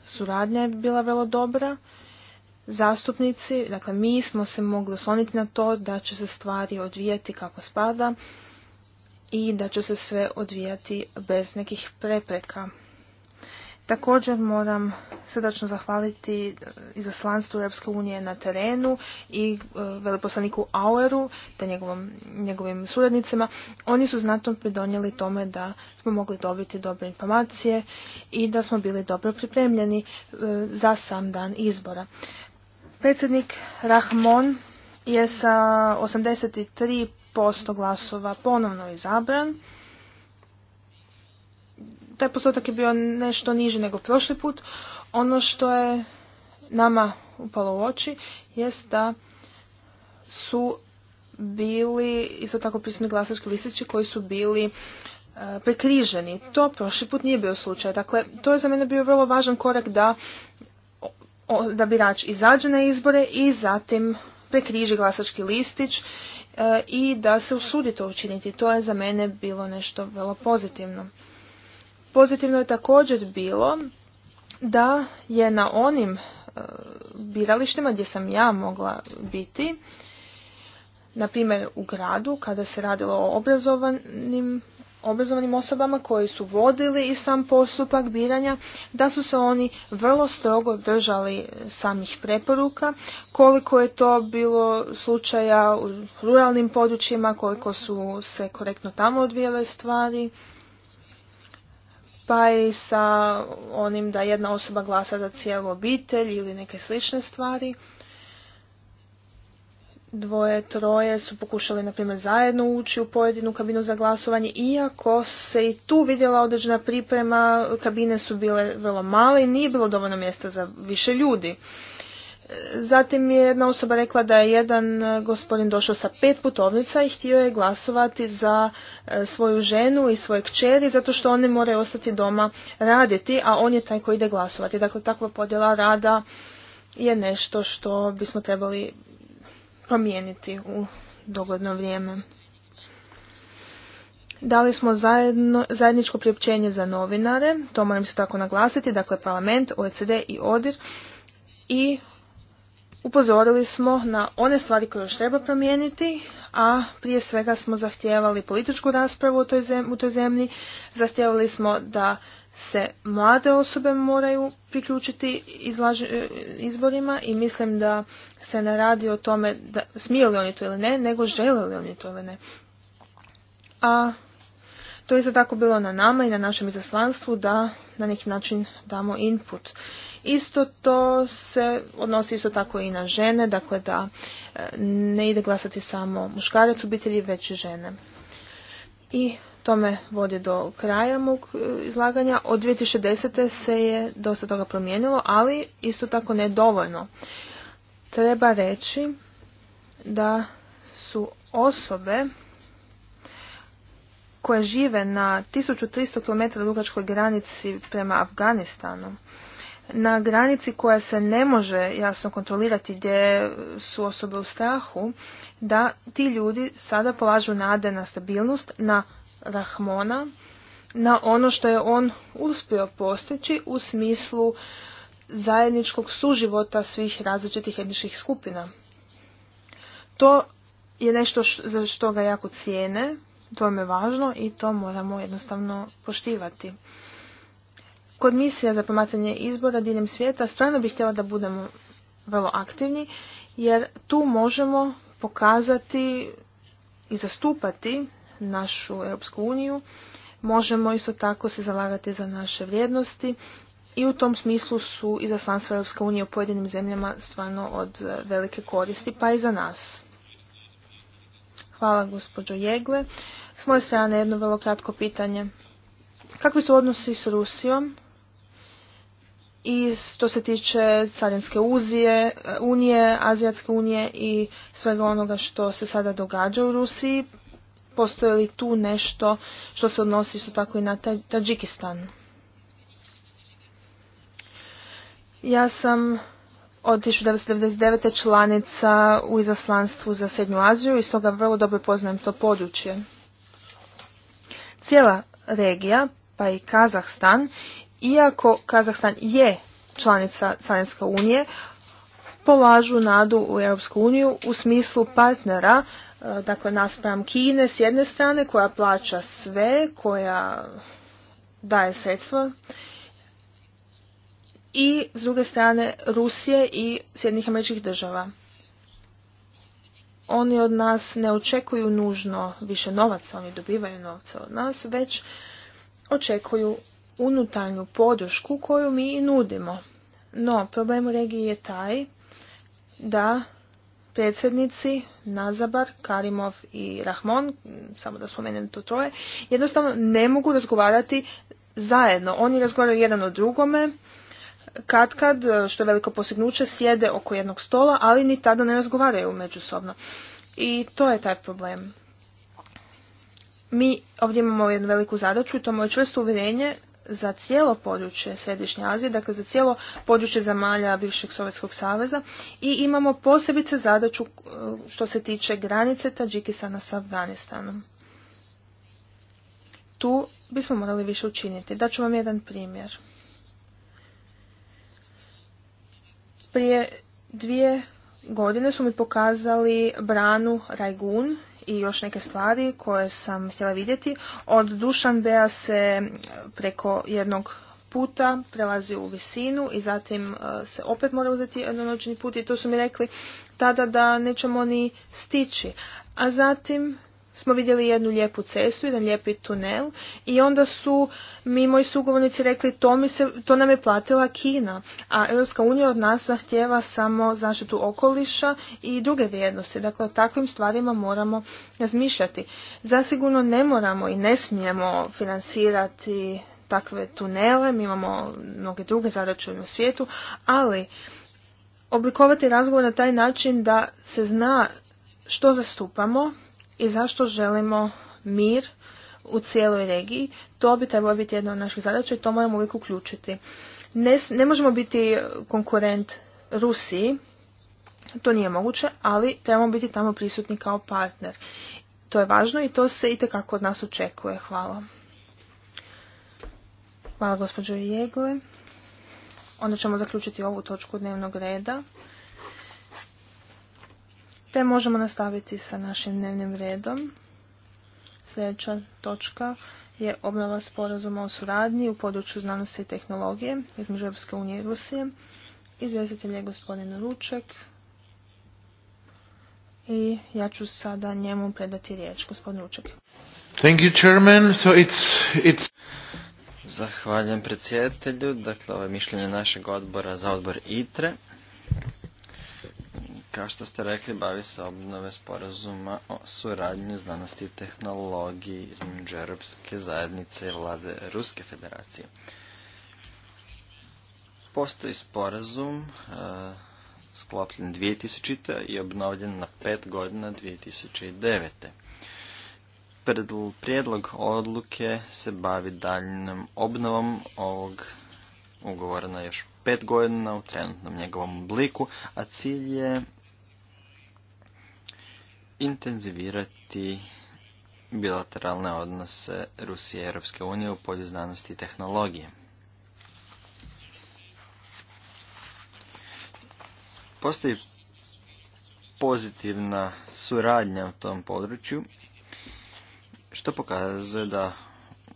suradnja je bila vrlo dobra. Zastupnici, dakle mi smo se mogli osloniti na to da će se stvari odvijati kako spada i da će se sve odvijati bez nekih prepreka. Također moram srdačno zahvaliti e, izaslanstvu Europske unije na terenu i e, veleposlaniku Aueru te njegovom, njegovim suradnicima. Oni su znatno pridonijeli tome da smo mogli dobiti dobre informacije i da smo bili dobro pripremljeni e, za sam dan izbora. Predsjednik Rahmon je sa 83% glasova ponovno izabran taj postotak je bio nešto niži nego prošli put. Ono što je nama upalo u oči jest da su bili isto tako pisani glasački listići koji su bili e, prekriženi. To prošli put nije bio slučaj. Dakle, to je za mene bio vrlo važan korak da, da birač izađe na izbore i zatim prekriži glasački listić e, i da se usudi to učiniti. To je za mene bilo nešto vrlo pozitivno. Pozitivno je također bilo da je na onim e, biralištima gdje sam ja mogla biti, na primjer u gradu kada se radilo o obrazovanim obrazovanim osobama koji su vodili i sam postupak biranja, da su se oni vrlo strogo držali samih preporuka, koliko je to bilo slučaja u ruralnim područjima, koliko su se korektno tamo odvijele stvari pa i sa onim da jedna osoba glasa za cijelu obitelj ili neke slične stvari. Dvoje, troje su pokušali, na primjer, zajedno ući u pojedinu kabinu za glasovanje, iako se i tu vidjela određena priprema, kabine su bile vrlo male i nije bilo dovoljno mjesta za više ljudi. Zatim je jedna osoba rekla da je jedan e, gospodin došao sa pet putovnica i htio je glasovati za e, svoju ženu i svoje kćeri zato što one moraju ostati doma raditi, a on je taj koji ide glasovati. Dakle, takva podjela rada je nešto što bismo trebali promijeniti u dogodno vrijeme. Dali smo zajedno, zajedničko priopćenje za novinare, to moram se tako naglasiti, dakle parlament, OECD i ODIR i upozorili smo na one stvari koje još treba promijeniti, a prije svega smo zahtijevali političku raspravu u toj, zemlji, u zemlji, zahtijevali smo da se mlade osobe moraju priključiti e, izborima i mislim da se ne radi o tome da smiju li oni to ili ne, nego žele li oni to ili ne. A to je isto tako bilo na nama i na našem izaslanstvu da na neki način damo input. Isto to se odnosi isto tako i na žene, dakle da e, ne ide glasati samo muškarac u obitelji, već i žene. I to me vodi do kraja mog e, izlaganja. Od 2010. se je dosta toga promijenilo, ali isto tako ne dovoljno. Treba reći da su osobe koja žive na 1300 km dugačkoj granici prema Afganistanu, na granici koja se ne može jasno kontrolirati gdje su osobe u strahu, da ti ljudi sada polažu nade na stabilnost, na Rahmona, na ono što je on uspio postići u smislu zajedničkog suživota svih različitih etničkih skupina. To je nešto za što ga jako cijene to je važno i to moramo jednostavno poštivati. Kod misija za promatranje izbora diljem svijeta stvarno bih htjela da budemo vrlo aktivni, jer tu možemo pokazati i zastupati našu Europsku uniju, možemo isto tako se zalagati za naše vrijednosti i u tom smislu su izaslanstva Europske unije u pojedinim zemljama stvarno od velike koristi, pa i za nas. Hvala gospođo Jegle. S moje strane jedno vrlo kratko pitanje. Kakvi su odnosi s Rusijom i što se tiče Carinske uzije, unije, Azijatske unije i svega onoga što se sada događa u Rusiji? Postoje li tu nešto što se odnosi isto tako i na Tadžikistan? Ja sam od 1999. članica u izaslanstvu za Srednju Aziju i stoga vrlo dobro poznajem to područje. Cijela regija, pa i Kazahstan, iako Kazahstan je članica Carinske unije, polažu nadu u Europsku uniju u smislu partnera, e, dakle naspram Kine s jedne strane koja plaća sve, koja daje sredstva i s druge strane Rusije i Sjednih američkih država. Oni od nas ne očekuju nužno više novaca, oni dobivaju novca od nas, već očekuju unutarnju podršku koju mi i nudimo. No, problem u regiji je taj da predsjednici Nazabar, Karimov i Rahmon, samo da spomenem to troje, jednostavno ne mogu razgovarati zajedno. Oni razgovaraju jedan o drugome, kad kad, e, što je veliko postignuće, sjede oko jednog stola, ali ni tada ne razgovaraju međusobno. I to je taj problem. Mi ovdje imamo jednu veliku zadaću i to moje čvrsto uvjerenje za cijelo područje Središnje Azije, dakle za cijelo područje zamalja bivšeg Sovjetskog saveza i imamo posebice zadaću e, što se tiče granice Tadžikistana s Afganistanom. Tu bismo morali više učiniti. Daću vam jedan primjer. Prije dvije godine su mi pokazali branu Rajgun i još neke stvari koje sam htjela vidjeti. Od Dušanbeja se preko jednog puta prelazi u visinu i zatim e, se opet mora uzeti noćni put i to su mi rekli tada da nećemo ni stići. A zatim smo vidjeli jednu lijepu cestu, jedan lijepi tunel i onda su mi moji sugovornici rekli to, mi se, to nam je platila Kina, a Europska unija od nas zahtjeva samo zaštitu okoliša i druge vrijednosti. Dakle, o takvim stvarima moramo razmišljati. Zasigurno ne moramo i ne smijemo financirati takve tunele, mi imamo mnoge druge zadaće u svijetu, ali oblikovati razgovor na taj način da se zna što zastupamo, i zašto želimo mir u cijeloj regiji. To bi trebalo biti jedna od naših zadaća i to moramo uvijek uključiti. Ne, ne možemo biti konkurent Rusiji, to nije moguće, ali trebamo biti tamo prisutni kao partner. To je važno i to se itekako od nas očekuje. Hvala. Hvala gospođo Jegle. Onda ćemo zaključiti ovu točku dnevnog reda. Te možemo nastaviti sa našim dnevnim redom. Sljedeća točka je obnova sporazuma o suradnji u području znanosti i tehnologije između Europske unije i Rusije. Izvjestitelj je gospodin Ruček i ja ću sada njemu predati riječ. Gospodin Ruček. Thank you, chairman. So it's, it's... Zahvaljujem predsjedatelju. Dakle, ovo je mišljenje našeg odbora za odbor ITRE. Kao što ste rekli, bavi se obnove sporazuma o suradnju znanosti i tehnologiji između Europske zajednice i vlade Ruske federacije. Postoji sporazum e, sklopljen 2000. i obnovljen na pet godina 2009. Prijedlog odluke se bavi daljnjom obnovom ovog ugovora na još pet godina u trenutnom njegovom obliku, a cilj je intenzivirati bilateralne odnose Rusije i Europske unije u polju znanosti i tehnologije. Postoji pozitivna suradnja u tom području, što pokazuje da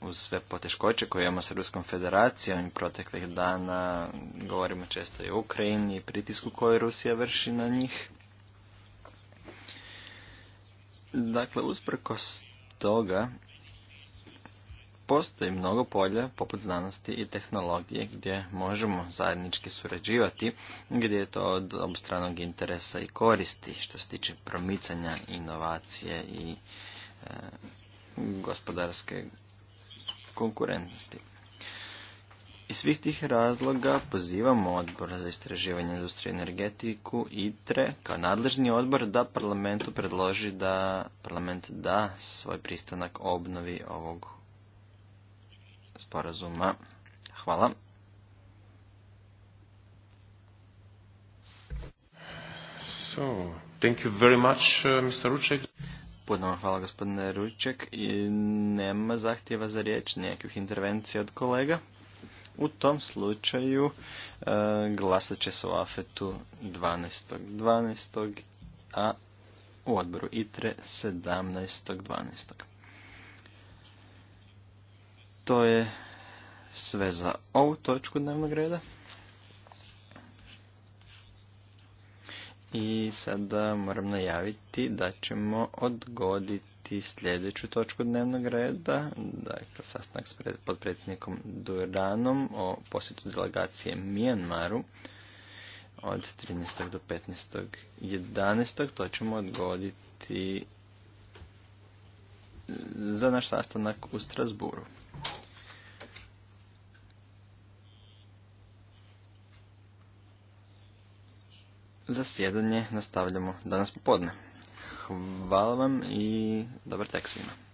uz sve poteškoće koje imamo s Ruskom federacijom i proteklih dana govorimo često i o Ukrajini i pritisku koju Rusija vrši na njih. Dakle, usprkos toga postoji mnogo polja poput znanosti i tehnologije gdje možemo zajednički surađivati, gdje je to od obostranog interesa i koristi što se tiče promicanja inovacije i e, gospodarske konkurentnosti svih tih razloga pozivamo odbor za istraživanje industrije i energetiku ITRE kao nadležni odbor da parlamentu predloži da parlament da svoj pristanak obnovi ovog sporazuma. Hvala. So, thank you very much, uh, Mr. Ruček. Puno hvala gospodine Ruček i nema zahtjeva za riječ, nekih intervencija od kolega. U tom slučaju e, glasat će se o afetu 12.12. a u odboru ITRE 17.12. To je sve za ovu točku dnevnog reda. I sada moram najaviti da ćemo odgoditi biti sljedeću točku dnevnog reda, dakle sastanak s podpredsjednikom Duranom o posjetu delegacije Mijanmaru od 13. do 15. 11. To ćemo odgoditi za naš sastanak u Strasburu. Zasjedanje nastavljamo danas popodne. Hvala vam i dobar tek svima.